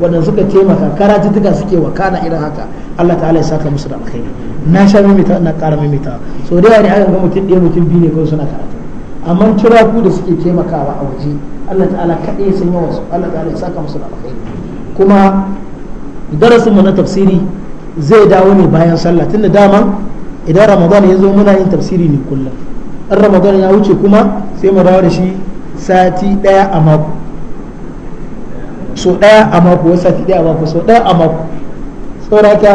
wannan suka taimaka karatuttuka suke wa kana irin haka Allah ta'ala ya saka musu da alkhairi na sha mimita ina ƙara mimita so da yawa ne aka ga mutum ɗaya mutum biyu ne kawai suna karatu amma kira ku da suke taimakawa a waje Allah ta'ala kaɗai ya sanya wasu Allah ta'ala ya saka musu da alkhairi kuma darasin mu na tafsiri zai dawo ne bayan sallah tunda dama idan ramadan ya zo muna yin tafsiri ne kullum in ramadan ya wuce kuma sai mu dawo da shi sati ɗaya a mako so ɗaya a mako wasu sati ɗaya a mako so ɗaya a mako tsoraka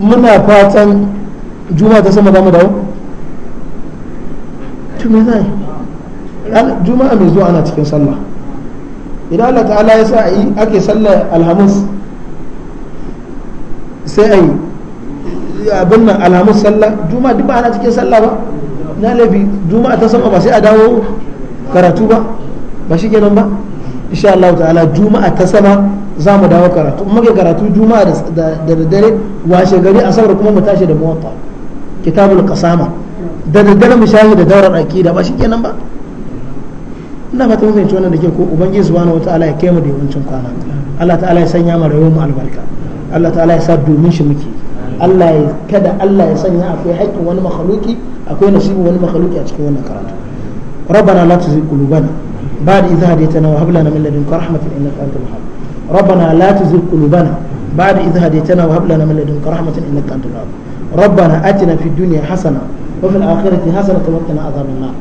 muna fatan juma ta sama za mu dawo to me zai juma'a mai zuwa ana cikin sallah idan Allah ta'ala ya sa ake sallar alhamis sai a yi abin nan alhamis sallah juma'a duk ba ana cikin sallah ba na laifi juma'a ta sama ba sai a dawo karatu ba ba shi kenan ba insha Allah ta'ala juma'a ta sama za mu dawo karatu muke karatu juma'a da daddare washe gari asabar kuma mu tashi da muwatta kitabul qasama da daddare mu shahi da daurar aqida ba shi kenan ba ina fata mun fahimci wannan da ke ko ubangiji subhanahu wataala ya kai mu da yawancin kwana Allah ta'ala ya sanya mu rayuwar mu albarka Allah ta'ala ya sa domin shi muke Allah ya kada Allah ya sanya akwai haƙƙin wani makhluki akwai nasibin wani makhluki a cikin wannan karatu ربنا لا تزغ قلوبنا بعد إذ هديتنا وهب لنا من لدنك رحمة إنك أنت الوهاب ربنا لا تزغ قلوبنا بعد إذ هديتنا وهب لنا من لدنك رحمة إنك أنت الوهاب ربنا آتنا في الدنيا حسنة وفي الآخرة حسنة وقنا عذاب النار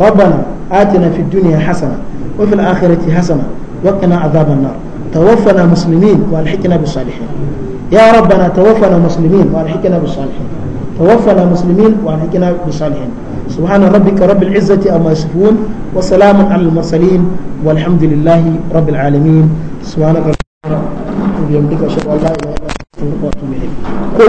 ربنا آتنا في الدنيا حسنة وفي الآخرة حسنة وقنا عذاب النار توفنا مسلمين والحقنا بالصالحين يا ربنا توفنا مسلمين والحقنا بالصالحين توفنا مسلمين والحقنا بالصالحين سبحان ربك رب العزة أما يصفون وسلام على المرسلين والحمد لله رب العالمين سبحانك ربك رب العالمين إلا